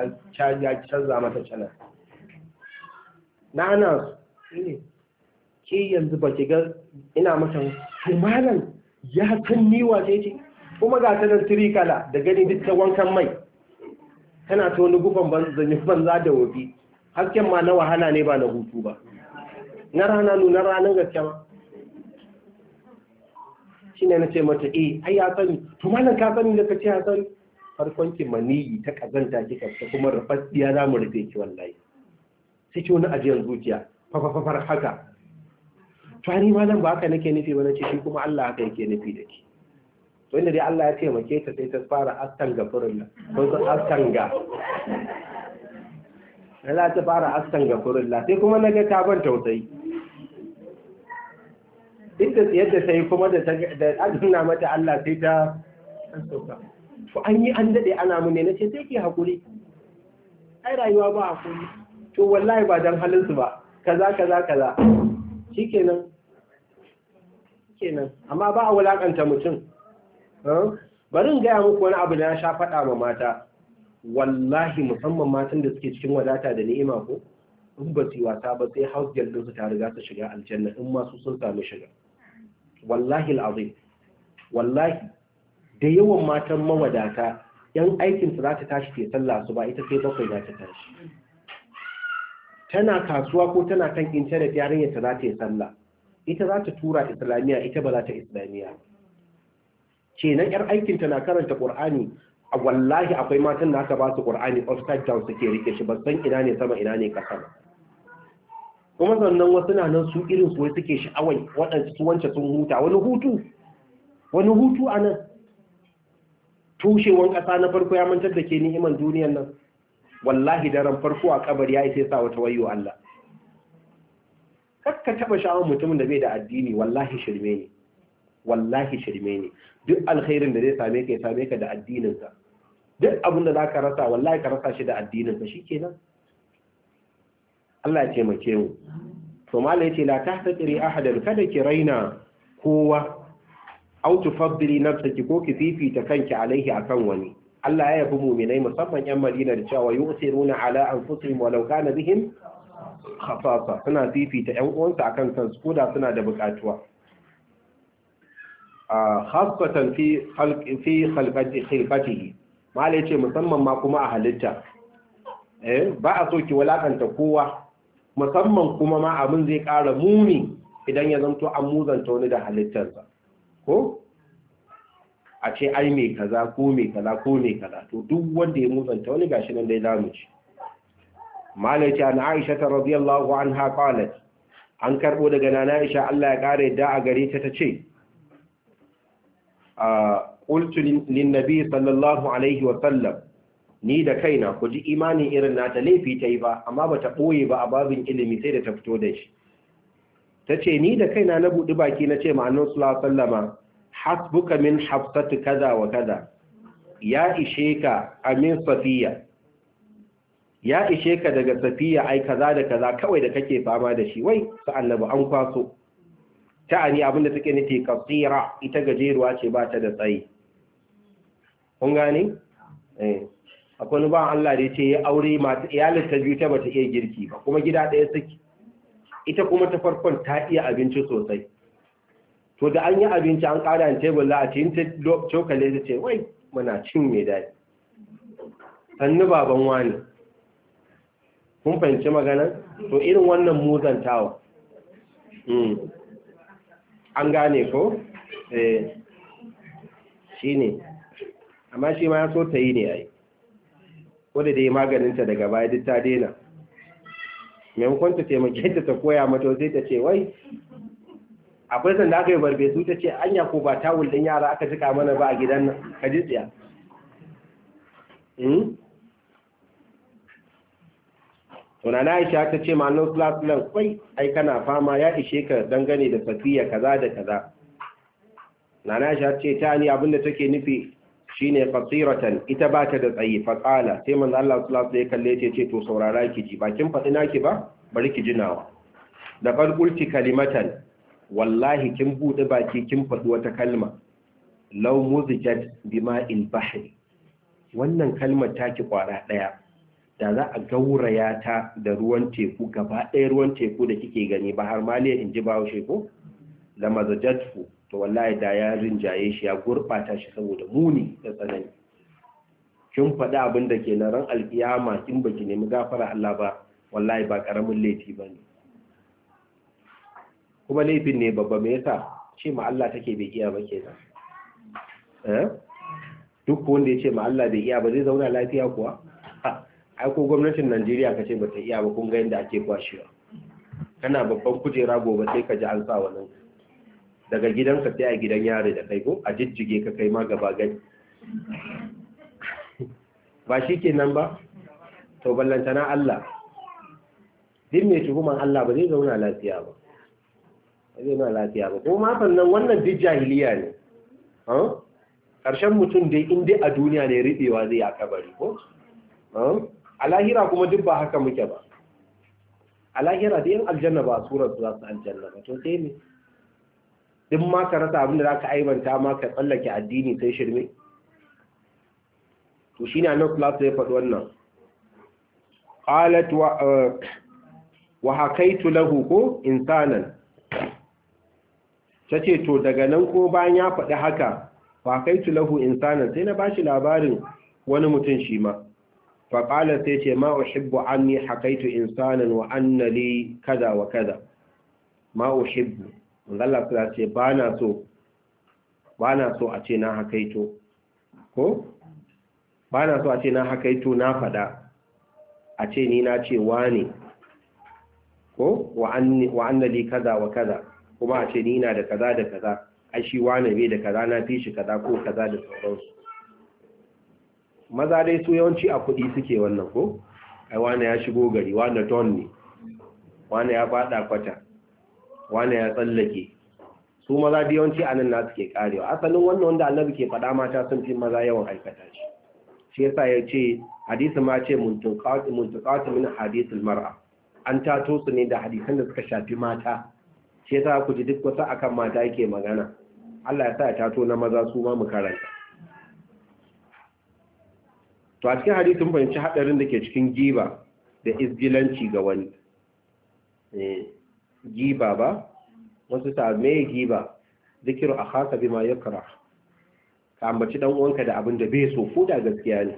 ya canza mata canar na ana ne ke yanzu ba ki ga ina mutan to malam ya san ni wace ce kuma ga ta nan tirikala da gani duk ta wankan mai tana ta wani gufan banza da wabi hasken ma na wahala ne ba na hutu ba na rana nuna ranar gaske shi ne na ce mata eh ai ya sani to malam ka sani da ka ce ya sani farkonki maniyi ta kazanta kika ta kuma rafasiya za mu rufe ki wallahi sai ce wani ajiyar zuciya fafafafar haka tani ma nan ba haka nake nufi ba ce shi kuma Allah haka yake nufi da ke to inda dai Allah ya taimake ta sai ta fara ga furin la. ko san ya za ta fara ga furin la sai kuma naga ta ban tausayi duk da yadda sai kuma da da mata Allah sai ta to an yi an dade ana mun na ce sai ke hakuri ai rayuwa ba hakuri to wallahi ba dan halinsu ba kaza kaza kaza shikenan shikenan amma ba a wulakanta mutum bari in gaya muku wani abu da ya sha faɗa ma mata wallahi musamman matan da suke cikin wadata da ni'ima ko in ba su wasa ba sai house girl din su ta riga su shiga aljanna in ma su sun samu shiga wallahi alazim wallahi da yawan matan mawadata yan aikin su za ta tashi ke sallah su ba ita sai bakwai za ta tashi tana kasuwa ko tana kan intanet yarinyar ta za ta yi sallah ita za ta tura islamiyya ita ba za ta islamiyya kenan yar aikin ta na karanta qur'ani a wallahi akwai matan da aka ba su qur'ani upside down suke rike shi ban san ina ne sama ina ne kasa kuma sannan wasu na nan su irin su suke sha'awai waɗansu su wance sun huta wani hutu wani hutu a nan tushewan ƙasa na farko ya mantar da ke ni'iman duniyar nan wallahi daren farko a kabari ya yi sai sa wata wayo Allah kakka taba sha'awar mutumin da bai da addini wallahi shirme ne wallahi shirme ne duk alkhairin da zai same ka ya same ka da addininsa. duk abin da zaka rasa wallahi ka rasa shi da ke shikenan Allah ya taimake mu to ya yace la tahtakiri ahadan kada ki raina kowa au tufaddili nafsaki ko ki fifita kanki alaihi akan wani Allah ya yabi mu'minai musamman yan Madina da cewa yusiruna ala anfusihim walau kana bihim khasasa suna fifita ƴan uwansu akan su koda suna da bukatuwa khasatan fi fi khalqati malai ce musamman ma kuma a halitta eh ba a so ki walakanta kowa musamman kuma ma abin zai ƙara muni idan ya zanto an muzanta wani da halittarsa ko a ce ai mai kaza ko mai kaza ko mai kaza to duk wanda ya musanta wani gashi nan dai zamu ci malai ce an aisha ta radiyallahu anha qalat an karbo daga nana aisha Allah ya kare da a gare ta tace a qultu lin nabi sallallahu alaihi wa sallam ni da kaina ku ji imani irin da laifi ta yi ba amma ba ta ɓoye ba a babin ilimi sai da ta fito da shi ta ce ni da kaina na buɗi baki na ce ma'anar sallama hasbuka min hafsatu kaza wa kaza ya ishe ka amin safiya ya ishe ka daga safiya ai kaza da kaza kawai da kake fama da shi wai su annabi an kwaso Ta ta'ani abinda take nufi qasira ita gajeruwa ce ba ta da tsayi kun gane eh akwai ba Allah da yace ya aure mata iyalin ta biyu ta bata iya girki ba kuma gida ɗaya suke ita kuma ta farkon ta iya abinci sosai to da an yi abinci an ƙara yin tebur za a ce yin cokale ta ce wai muna cin mai daɗi sannu baban wani kun fahimci magana. to irin wannan muzantawa hmm. an gane ko eh. shi ne amma shi ma ya so ta yi ne ai wadda da yi maganinta daga baya duk ta daina. maimakon ta taimake ta ta koya mata sai ta ce wai akwai sanda aka yi barbe su ta ce anya ko ba tawul din yara aka jika mana ba a gidan nan ka ji tsiya hmm? tuna na aisha ta ce ma'anar sulasulan kwai ai kana fama ya ishe ka dangane da safiya kaza da kaza na na aisha ce ta ni abinda take nufi shine fasiratan. ita ba ta da tsaye, fatsala sai manzo Allah sallallahu ya kalle ce ce to saurara ki ji bakin fatsina naki ba bari ki jinawa da qad kalimatan wallahi kin bude baki kin faɗi wata kalma law muzijat il bahri wannan kalmar ki kwara daya da za a gauraya ta da ruwan teku gaba ɗaya ruwan teku da kike gani ba har maliya in ji bawo sheko la mazajatu to wallahi da ya rinjaye shi ya gurbata shi saboda muni da tsanani kin faɗi abinda ke na ran alkiyama in baki nemi gafara Allah ba wallahi ba karamin laifi ne. kuma laifin ne babba me yasa ce ma Allah take bai iya ba kenan eh duk wanda ya ce ma Allah bai iya ba zai zauna lafiya kuwa ai ko gwamnatin Najeriya kace ba ta iya ba kun ga yadda ake kwashewa kana babban kujera gobe sai ka ji an sa wannan daga gidanka sai a gidan yare da kai ko a jijjige ka kai ma gaba gani ba shi kenan ba to ballantana Allah din mai tuhuman Allah ba zai zauna lafiya ba zai na lafiya ba ko ma sannan wannan duk jahiliya ne ƙarshen mutum dai inda a duniya ne riɓewa zai a kabari ko a lahira kuma duk ba haka muke ba a lahira da yin aljanna ba a surar su za su aljanna ba to sai ne duk ma ka rasa abin da za ka aibanta ma ka tsallake addini sai shirme to shi ne annan kula ya faɗi wannan qalat wa eh, hakaitu lahu ko insanan ta ce to daga nan ko bayan ya faɗi haka fa kai lahu insanan sai na bashi labarin wani mutum shi ma fa qala sai ce ma uhibbu anni haqaitu insanan wa anna li kaza wa kaza ma uhibbu Allah ta ce bana so bana so a ce na hakaito ko bana so a ce na hakaito na faɗa a ce ni na ce wani ko wa anna li kaza wa kaza kuma a ce ni na da kaza da kaza ai shi wane bai da kaza na fi shi kaza ko kaza da sauransu maza dai su yawanci a kuɗi suke wannan ko ai wane ya shigo gari wane ton ne wane ya faɗa kwata wane ya tsallake su maza da yawanci a nan na suke karewa asalin wannan wanda annabi ke faɗa mata sun fi maza yawan aikata shi shi yasa ya ce hadisi ma ce muntuqatu min hadisul mar'a an tato su ne da hadisan da suka shafi mata shi yasa ku ji duk wata akan mata yake magana Allah ya sa ya tato na maza su ma mu karanta to a cikin hadisin fahimci hadarin da ke cikin giba da izgilanci ga wani eh, giba ba wasu ta me giba zikiru akhaka bima yakra ka ambaci dan uwanka da abin da bai so ko da gaskiya ne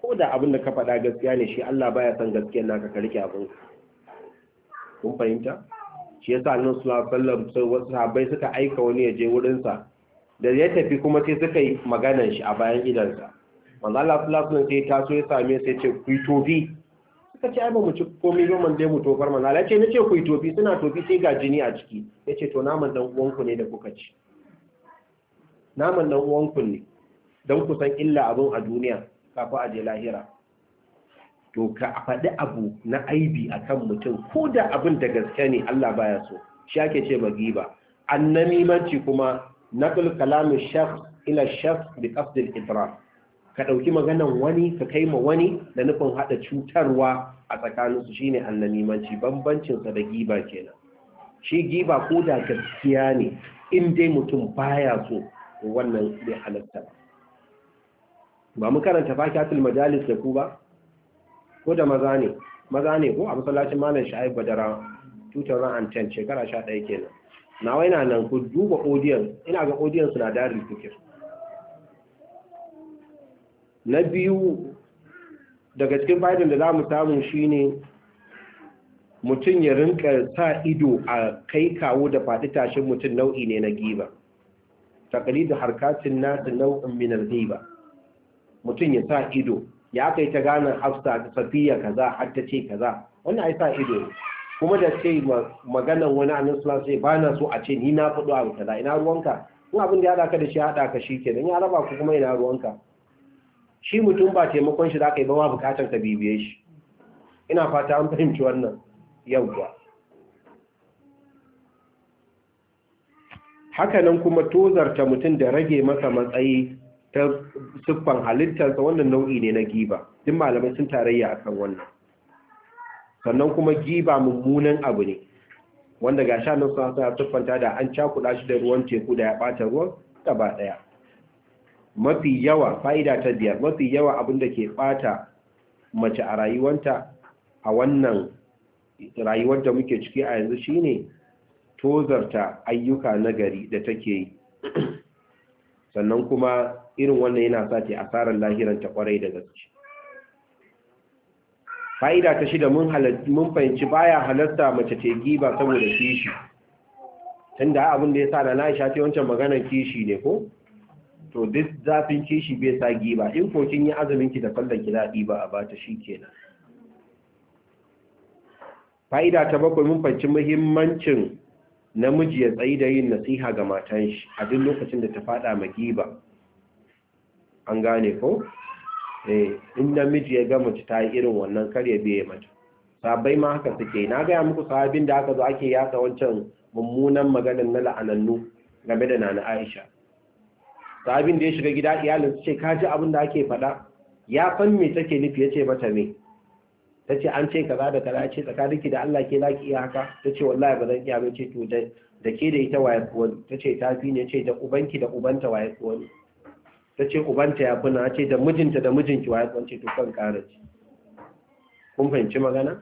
ko da abin da ka faɗa gaskiya ne shi Allah baya son gaskiyar naka ka rike abin kun fahimta shi ya sa nan suna sallar sai wasu sahabbai suka aika wani ya je wurinsa da ya tafi kuma sai suka yi maganan shi a bayan idansa manzo Allah sallallahu alaihi wasallam sai ta so ya same sai ce ku tofi suka ce ai ba mu ci komai ba man dai mu tofar manzo Allah ce nace ku tofi suna tofi sai ga jini a ciki yace to naman dan uwanku ne da kuka ci naman dan uwanku ne dan ku san illa abun a duniya kafin a je lahira to ka faɗi abu na aibi akan mutum ko da abin da gaske ne Allah baya so shi ake ce giba. Annanimanci kuma na naql kalamin shakhs ila shaf da qasd ibra ka ɗauki maganan wani ka kai ma wani da nufin haɗa cutarwa a tsakaninsu shine annamimanci bambancinsa da giba kenan shi giba ko da gaskiya ne in dai mutum baya so wannan bai halatta ba mu karanta fakiyatul majalis da ku ba ko da maza ne maza ne ko a masallacin malam sha'ib badara 2010 shekara 11 kenan na waina nan ku duba audience ina ga audience na dari fikir na biyu daga cikin fa'idan da zamu samu shine mutum ya rinka sa ido a kai kawo da fadi tashin mutum nau'i ne na giba takalidu harkatin nasu nau'in min al-ghiba mutum ya sa ido ya kai ta gane hafsa ta safiya kaza har ta ce kaza wannan ai sa ido kuma da ce magana wani annabi sallallahu alaihi ba na so a ce ni na faɗo abu kaza ina ruwanka in abin da ya haɗa ka da shi haɗa ka shi kenan ya raba ku kuma ina ruwanka shi mutum ba taimakon shi da aka yi ba ma bukatar ka bibiye shi ina fata an fahimci wannan yauwa hakanan kuma tozarta mutum da rage masa matsayi ta siffan halittarsa wannan nau'i ne na giba duk malamai sun tarayya akan wannan sannan kuma giba mummunan abu ne wanda ga sha nan sun siffanta da an cakuɗa shi da ruwan teku da ya ɓata ruwan gaba ɗaya mafi yawa fa'ida ta biyar mafi yawa abin da ke ɓata mace a rayuwanta a wannan rayuwar da muke ciki a yanzu shine tozarta ayyuka nagari da take yi sannan kuma irin wannan yana sa ce asarar lahiranta kwarai da gaske fa'ida ta shida mun fahimci baya halarta mace ce giba saboda kishi tunda abin da ya sa da na'isha ce wancan maganar kishi ne ko to duk zafin kishi bai sa giba in ko kin yi azumin ki da kallon ki za ba a bata shikenan fa'ida ta bakwai mun fahimci muhimmancin namiji ya tsayi da yin nasiha ga matan shi a duk lokacin da ta fada magiba an gane ko eh in namiji ya ga mace ta yi irin wannan karya biye mata sabai ma haka suke na gaya muku sahabin da aka zo ake yaka wancan mummunan maganar na la'anannu game da nana Aisha sahabin da ya shiga gida iyalin su ce kaji abin da ake faɗa ya san me take nufi yace mata me ta ce an ce kaza da kaza ce ki da Allah ke zaki iya haka ta ce wallahi ba zan iya ba ce to da ke da ita waye wani ta ce ta fi ne ce da ubanki da ubanta waye wani ta ce ubanta ya kuna ce da mijinta da mijinki waye wani ce to kan kare ci. kun fahimci magana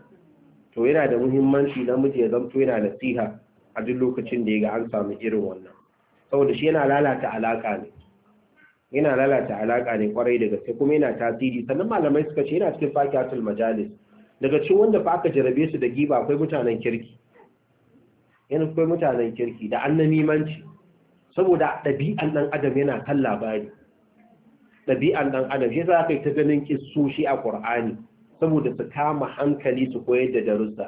to yana da muhimmanci namiji ya zamto yana nasiha a duk lokacin da ya ga an samu irin wannan saboda shi yana lalata alaka ne yana lalata alaka ne kwarai da gaske kuma yana tasiri sannan malamai suka ce yana cikin fakiyatul majalis daga cikin wanda ba aka jarabe su da giba akwai mutanen kirki yana akwai mutanen kirki da annamimanci saboda ɗabi'an ɗan adam yana kan labari ɗabi'an ɗan adam shi za ka yi ta ganin shi a ƙur'ani saboda su kama hankali su koyar da darussa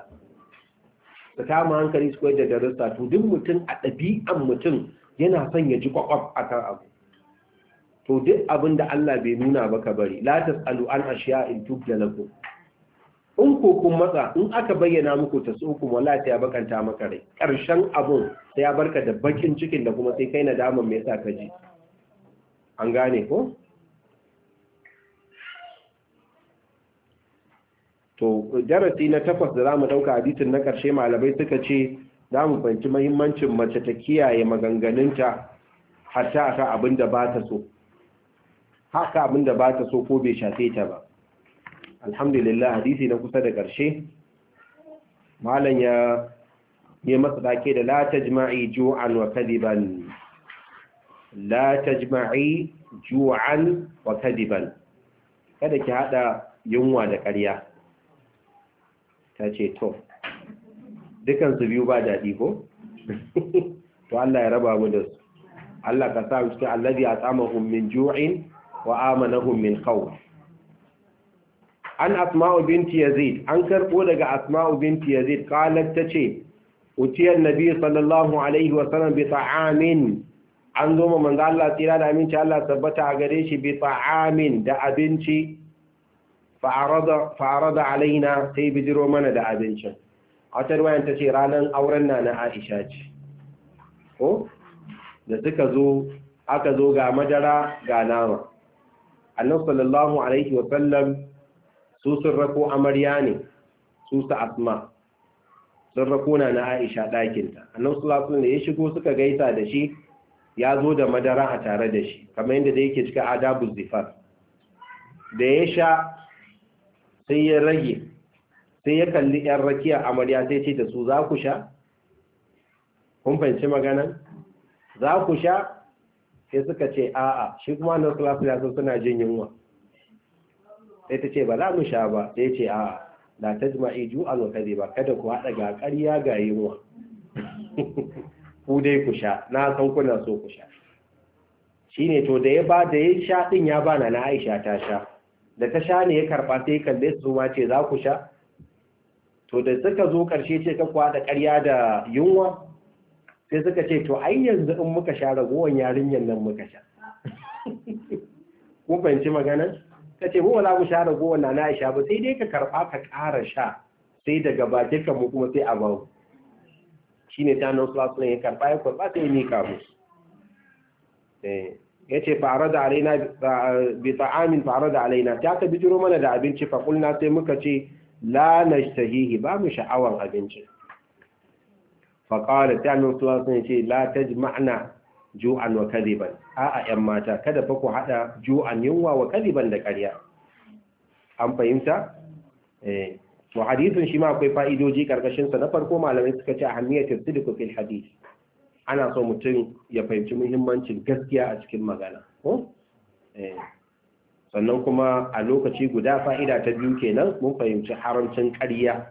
su kama hankali su koyar da darussa to duk mutum a ɗabi'an mutum yana son ya ji kwakwaf a kan abu to duk abin da Allah bai nuna ba ka bari la tas'alu an ashiya in tubda lakum in ku kun matsa in aka bayyana muku ta su wala ta ya bakanta maka rai ƙarshen abun sai ya barka da bakin cikin da kuma sai kai na damar mai sa ka an gane ko to darasi na takwas da zamu dauka hadisin na ƙarshe malamai suka ce zamu fahimci muhimmancin mace ta kiyaye maganganunta hatta aka abin da ba ta so haka abin ba ta so ko bai shafe ta ba alhamdulillah hadisi na kusa da ƙarshe malam ya yi masa dake da la tajma'i ju'an wa kadiban la tajma'i ju'an wa kadiban kada ki hada yunwa da ƙarya ta ce to dukan su biyu ba daɗi ko [LAUGHS] to Allah ya raba mu da su Allah ka sa su allazi atamahum min ju'in wa amanahum min khawf an asma'u binti yazid an karbo daga asma'u binti yazid qalat tace utiyar nabi sallallahu alaihi wa sallam bi ta'amin an zo ma manzo Allah tsira da aminci Allah tabbata a gare shi bi ta'amin da abinci fa'arada fa'arada alaina sai bijiro mana da abincin a tarwayan tace ranan auren na na Aisha ce ko da suka zo aka zo ga madara ga nama annabi sallallahu alaihi wa sallam su sun rako amarya ne su su asma sun rako na na aisha ɗakinta annan sulasun da ya shigo suka gaisa da shi ya zo da madara a tare da shi kamar yadda da yake cika adabu zifar da ya sha sai ya rage sai ya kalli yan rakiya amarya sai ce da su za ku sha kun fahimci maganan za ku sha sai suka ce a'a shi kuma annan sulasun ya suna jin yunwa sai ta ce ba za mu sha ba sai ce a la tajma'i ju'an wa ba kada ku haɗa ga ƙarya ga yunwa [LAUGHS] ku dai ku sha na san kuna so ku sha Shi ne to da ya ba da ya sha din ya bana na Aisha ta sha da ta sha ne ya karɓa sai kalle su ma ce za ku sha to da suka zo ƙarshe ce ka kwa da ƙarya da yunwa sai suka ce to ai yanzu in muka sha ragowar yarinyar nan muka sha [LAUGHS] ku fahimci maganar ta ce ba ku sha da ragowar na na sha ba sai dai ka karɓa ka ƙara sha sai daga baki ka mu kuma sai a ba shi ne ta nan sulasu ya karɓa ya karɓa sai ya mika mu eh, ya ce fara da alaina bi ta'amin fara da alaina ta ka bijiro mana da abinci fa kulna sai muka ce la nashtahihi ba mu sha'awan abinci fa qala ta nan sulasu ya ce la tajma'na ju'an wa a'a yan mata kada fa ku hada ju'an yunwa wa kadhiban da ƙarya an fahimta eh wa hadisin shi ma akwai fa'idoji karkashin sa na farko malamai suka ce ahamiyatu sidq fil hadith ana so mutum ya fahimci muhimmancin gaskiya a cikin magana ko eh. sannan kuma a lokaci guda fa'ida ta biyu kenan mun fahimci haramcin ƙarya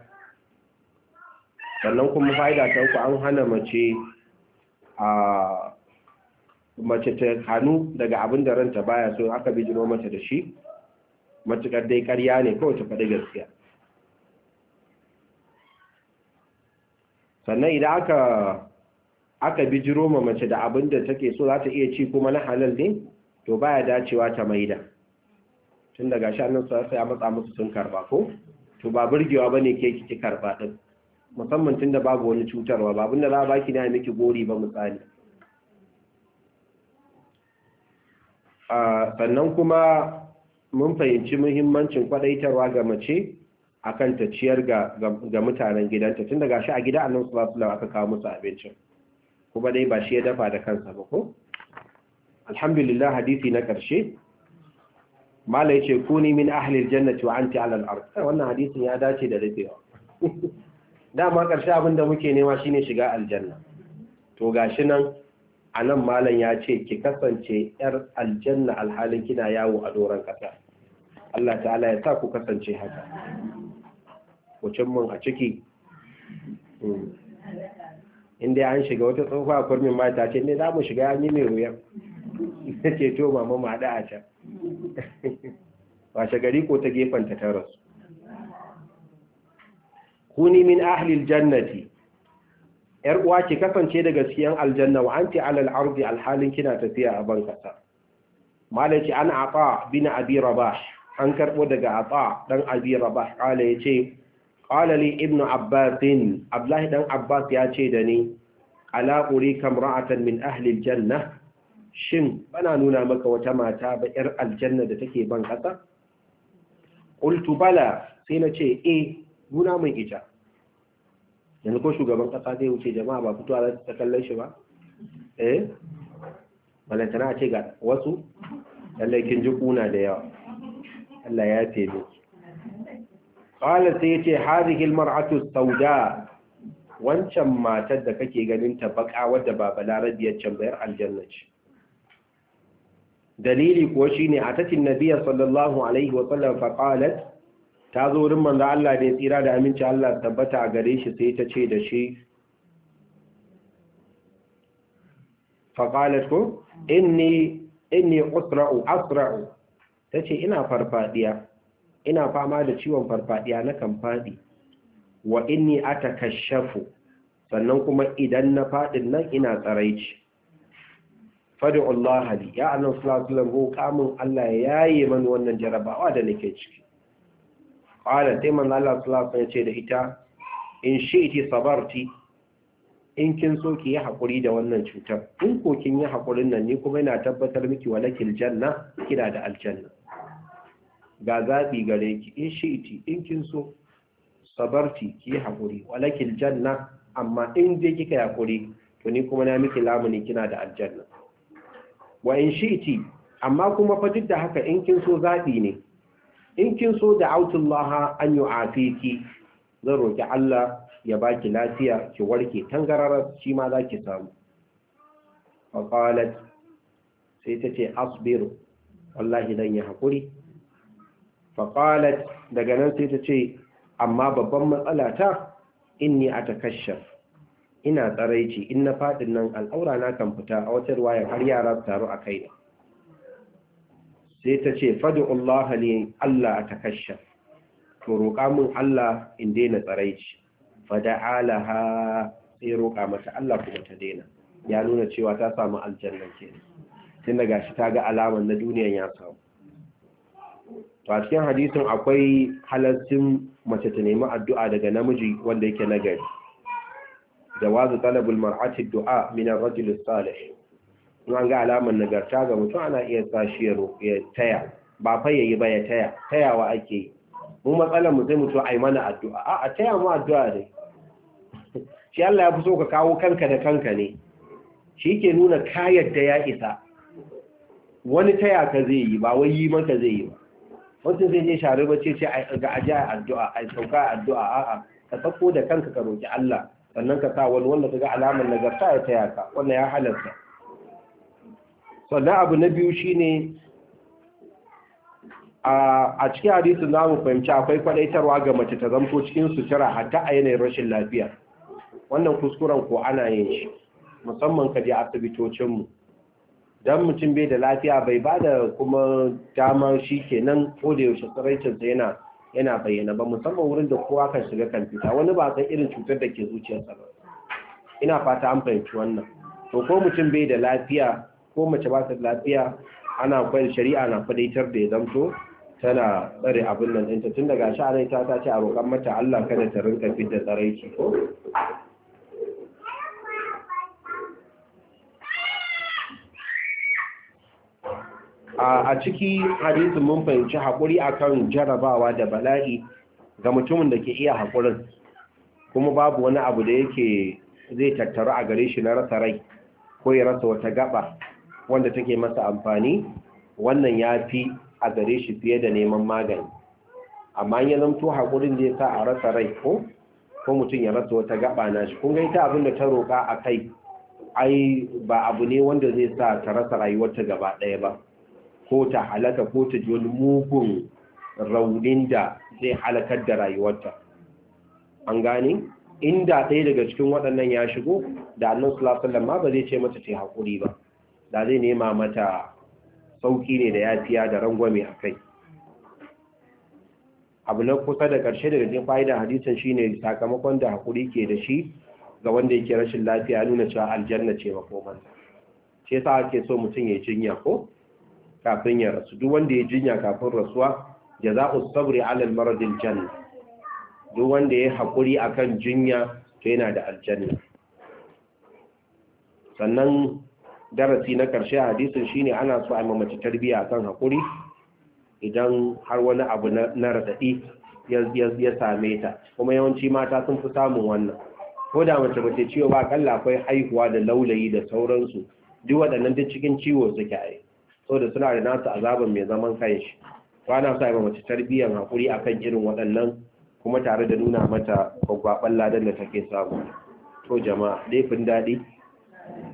sannan kuma fa'ida ta uku an hana mace a ah, mace ta hannu daga abin da ranta baya so aka bijiro mace da shi matukar dai karya ne kawai ta faɗi gaskiya sannan idan aka aka bijiro ma mace da abin da take so za ta iya ci kuma na halal ne to baya dacewa ta maida tun daga shi annan sai ya matsa musu sun karba ko to ba burgewa bane ke kike karba din musamman tun da babu wani cutarwa ba da za a baki na miki gori ba misali sannan kuma mun fahimci muhimmancin kwadaitarwa ga mace akan ta ciyar ga mutanen gidanta tun daga shi a gida annan sulasulan aka kawo musu abincin kuma dai ba shi ya dafa da kansa ba ko alhamdulillah hadisi na ƙarshe mala yace kuni min ahlil jannati wa anti ala al-ard wannan hadisin ya dace da rufewa [LAUGHS] dama ƙarshe abin da muke nema shine shiga aljanna to gashi nan a nan malam ya ce ki kasance yar aljanna alhalin kina yawo a doron kasa. Allah ta'ala ya sa ku kasance haka wucin mun a ciki hmm. inda an shiga wata tsofa a kurmin mata ce ne za mu shiga an yi mai wuya na ce to mama ma a can [LAUGHS] washe gari ko ta gefen ta rasu kuni min ahlil jannati yar uwa ki kasance da gaskiyan aljanna wa anti alal ardi alhalin kina tafiya a ban kasa malaki an aqa bin abi rabah an karɓo daga aqa dan abi rabah kala yace qala li ibnu abbas abdullahi dan abbas yace da ni ala urika imra'atan min ahlil janna? shin bana nuna maka wata mata ba yar aljanna da take ban kasa ƙultu bala sai na ce eh nuna min ita yanzu ko shugaban kasa zai wuce jama'a ba fitowa za ta kallon shi ba eh balantana a ce ga wasu lallai kin ji kuna da yawa Allah ya tebe qala sai yace hadhihi almar'atu sauda wancan matar da kake ganin ta baka wadda ba balarabiyar can bayar aljanna ce dalili kuwa shine atatin nabiyya sallallahu alaihi wa sallam fa qalat ta zo wurin manzo Allah da tsira da aminci Allah tabbata a gare shi sai ta ce da shi faqalat ko inni inni usra'u asra'u tace ina farfadiya ina fama da ciwon farfadiya na kan fadi wa inni atakashafu sannan kuma idan na fadin nan ina tsaraici fadu Allah hali ya annabi sallallahu alaihi wasallam ko kamun Allah ya yaye man wannan jarabawa da nake ciki ƙwada sai manzo Allah sallallahu ya ce da ita in shi iti, sabarti in kin so ki yi haƙuri da wannan cutar in ko kin yi haƙurin nan ni kuma ina tabbatar miki wa lakil janna kina da aljanna ga zaɓi gare ki in shi iti, in kin so sabarti ki yi haƙuri wa lakil janna amma in je kika yi haƙuri to ni kuma na miki lamuni kina da aljanna wa in shi iti, amma kuma fa duk da haka in kin so zaɓi ne in kin so da autullaha an yi afiki zan roƙi Allah ya baki lafiya ki warke tangararar shi ma za ki samu faƙalat sai ta ce asbiru wallahi dan ya haƙuri faƙalat daga nan sai ta ce amma babban matsala ta inni a takashar ina tsaraici in na faɗin nan al'aura na kan fita a wata ruwaya har yara su taru a kaina sai ta ce fadu Allah ne Allah ta kashe to roƙa mun Allah in daina tsaraici fada alaha sai roƙa mata Allah kuma ta daina ya nuna cewa ta samu aljanna ke tun daga shi ta ga alaman na duniya ya samu to a cikin hadisin akwai halarcin mace ta nemi addu'a daga namiji wanda yake nagari jawazu talabul mar'ati du'a min ar-rajul salih an ga alamar nagarta ga mutum ana iya sa shi ya taya ba fa ba ya taya tayawa ake yi mu matsalar mu sai mutu ai mana addu'a a a taya mu addu'a ne. [LAUGHS] shi Allah ya fi so ka kawo kanka da kanka ne shi ke nuna kayar da ya isa wani taya ka zai yi ba wai yi maka zai yi ba wasu zai je share ba ce ce ga a addu'a ai sauka addu'a a a ka sako da kanka ka roƙi Allah sannan ka sa wani wanda ka ga alamar nagarta ya taya ka wannan ya halarta sannan abu na biyu shine a cikin hadisun za mu fahimci akwai kwadaitarwa ga mace ta zamto cikin sutura hatta a yanayin rashin lafiya wannan kuskuren ko ana yin shi musamman ka a asibitocinmu don mutum bai da lafiya bai ba da kuma damar shi kenan ko da yaushe tsiraicinsa yana yana bayyana ba musamman wurin da kowa kan shiga kan fita wani ba san irin cutar da ke zuciyarsa ba ina fata an fahimci wannan to ko mutum bai da lafiya ko mace ba ta lafiya ana kwan shari'a na fadaitar da ya zamto tana tsare abin nan ɗinta tun daga shi anai ta ta ce a roƙan mata Allah kada ta rinka fidda tsaraici ko a ciki hadisi mun fahimci haƙuri kan jarabawa da bala'i ga mutumin da ke iya haƙurin kuma babu wani abu da yake zai tattaru a gare shi na rasa rai ko ya rasa wata gaba wanda take masa amfani wannan ya fi a gare shi fiye da neman magani amma ya zamto haƙurin da ya sa a rasa rai ko ko mutum ya rasa wata gaba na shi kun ga ita abin da ta roƙa a kai ai ba abu ne wanda zai sa ta rasa rayuwarta gaba ɗaya ba ko ta halaka ko ta ji wani mugun raunin da zai halakar da rayuwarta an gane inda ɗaya daga cikin waɗannan ya shigo da annan sulasallan ma ba zai ce mata ta hakuri ba da zai nema mata sauki ne da yafiya da rangwame a kai abu na kusa da ƙarshe daga jin fa'idar shi ne sakamakon da haƙuri ke da shi ga wanda yake rashin lafiya nuna cewa aljanna ce makomansa ce sa ake so mutum ya jinya ko kafin ya rasu duk wanda ya jinya kafin rasuwa ya a sabri alal al janna duk wanda ya yi hakuri kan jinya to yana da aljanna sannan darasi na ƙarshe a hadisin ne ana so a mamaci tarbiya kan haƙuri idan har wani abu na raɗaɗi ya same ta kuma yawanci mata sun fi samun wannan ko da mace mace ciwo ba kalla akwai haihuwa da laulayi da sauransu duk waɗannan duk cikin ciwo suke ai so da suna da nasu azaban mai zaman shi. ba na sa mace tarbiyyar a kan irin waɗannan kuma tare da nuna mata gwagwaɓar ladan da take samu to jama'a laifin daɗi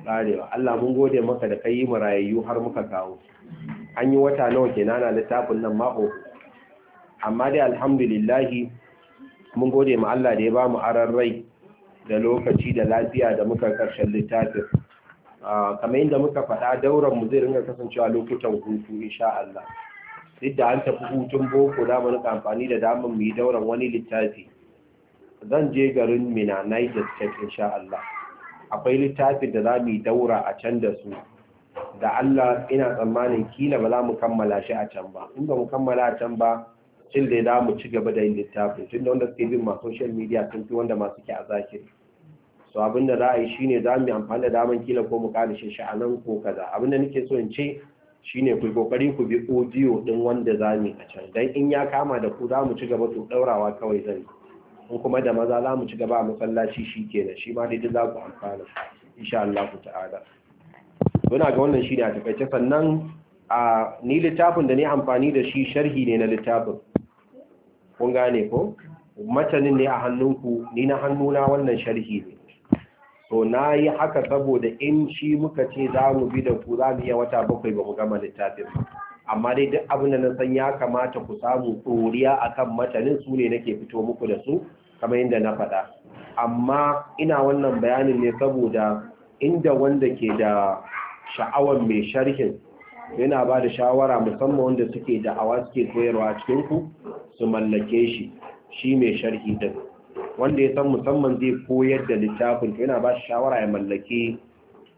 karewa Allah mun gode maka da kai mu rayayyu har muka kawo an yi wata nawa kenan na littafin nan mako amma dai alhamdulillahi mun gode ma Allah da ya ba mu rai da lokaci da lafiya da muka karshen littafin ah, kamar yadda muka faɗa dauran mu zai ringa kasancewa lokutan hutu insha Allah duk da an tafi hutun boko da mu rika amfani da damar mu yi dauran wani littafi zan je garin Mina Niger State insha Allah akwai littafin da za mu daura a can da su da Allah ina tsammanin kila ba za mu kammala shi a can ba in ba mu kammala a can ba cin da za mu ci gaba da yin littafin tun da wanda suke bin ma social media sun fi wanda masu ke a zakiri so abin da za a yi shine za mu yi amfani da daman kila ko mu kada shi a nan ko kaza abin da nake so in ce shine ku kokari ku bi audio din wanda za mu a can dan in ya kama da ku za mu ci gaba to daurawa kawai zan yi in kuma da maza za mu ci gaba a masallaci shi kenan shi ma dai za ku amfana insha Allah ta'ala muna ga wannan shi ne a takaice sannan a ni littafin da ni amfani da shi sharhi ne na littafin kun gane ko matanin ne a hannunku ni na hannuna wannan sharhi ne to na yi haka saboda in shi muka ce za mu bi da ku za mu iya wata bakwai ba mu gama littafin amma dai duk abin da na san ya kamata ku samu a akan matanin su ne nake fito muku da su kamar yadda na faɗa amma ina wannan bayanin ne saboda inda wanda ke da sha'awar mai sharhin yana ba da shawara musamman wanda suke da awa suke koyarwa cikin ku su mallake shi shi mai sharhi din wanda ya san musamman zai koyar da littafin to yana ba shi shawara ya mallake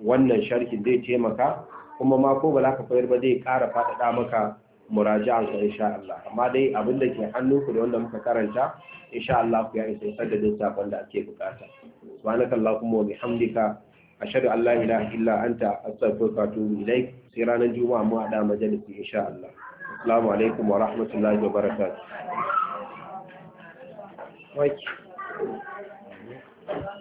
wannan sharhi zai taimaka kuma ma ko ba za ka koyar ba zai kara faɗaɗa maka muraja'an ka insha Allah amma dai abin da ke hannu ku da wanda muka karanta insha Allah ku ya isa isar da sakon da ake bukata subhanaka allahumma wa bihamdika ashhadu an la ilaha illa anta astaghfiruka wa atubu ilaik sai ranar juma'a mu hada majalisi insha Allah assalamu alaikum wa rahmatullahi wa barakatuh Thank you.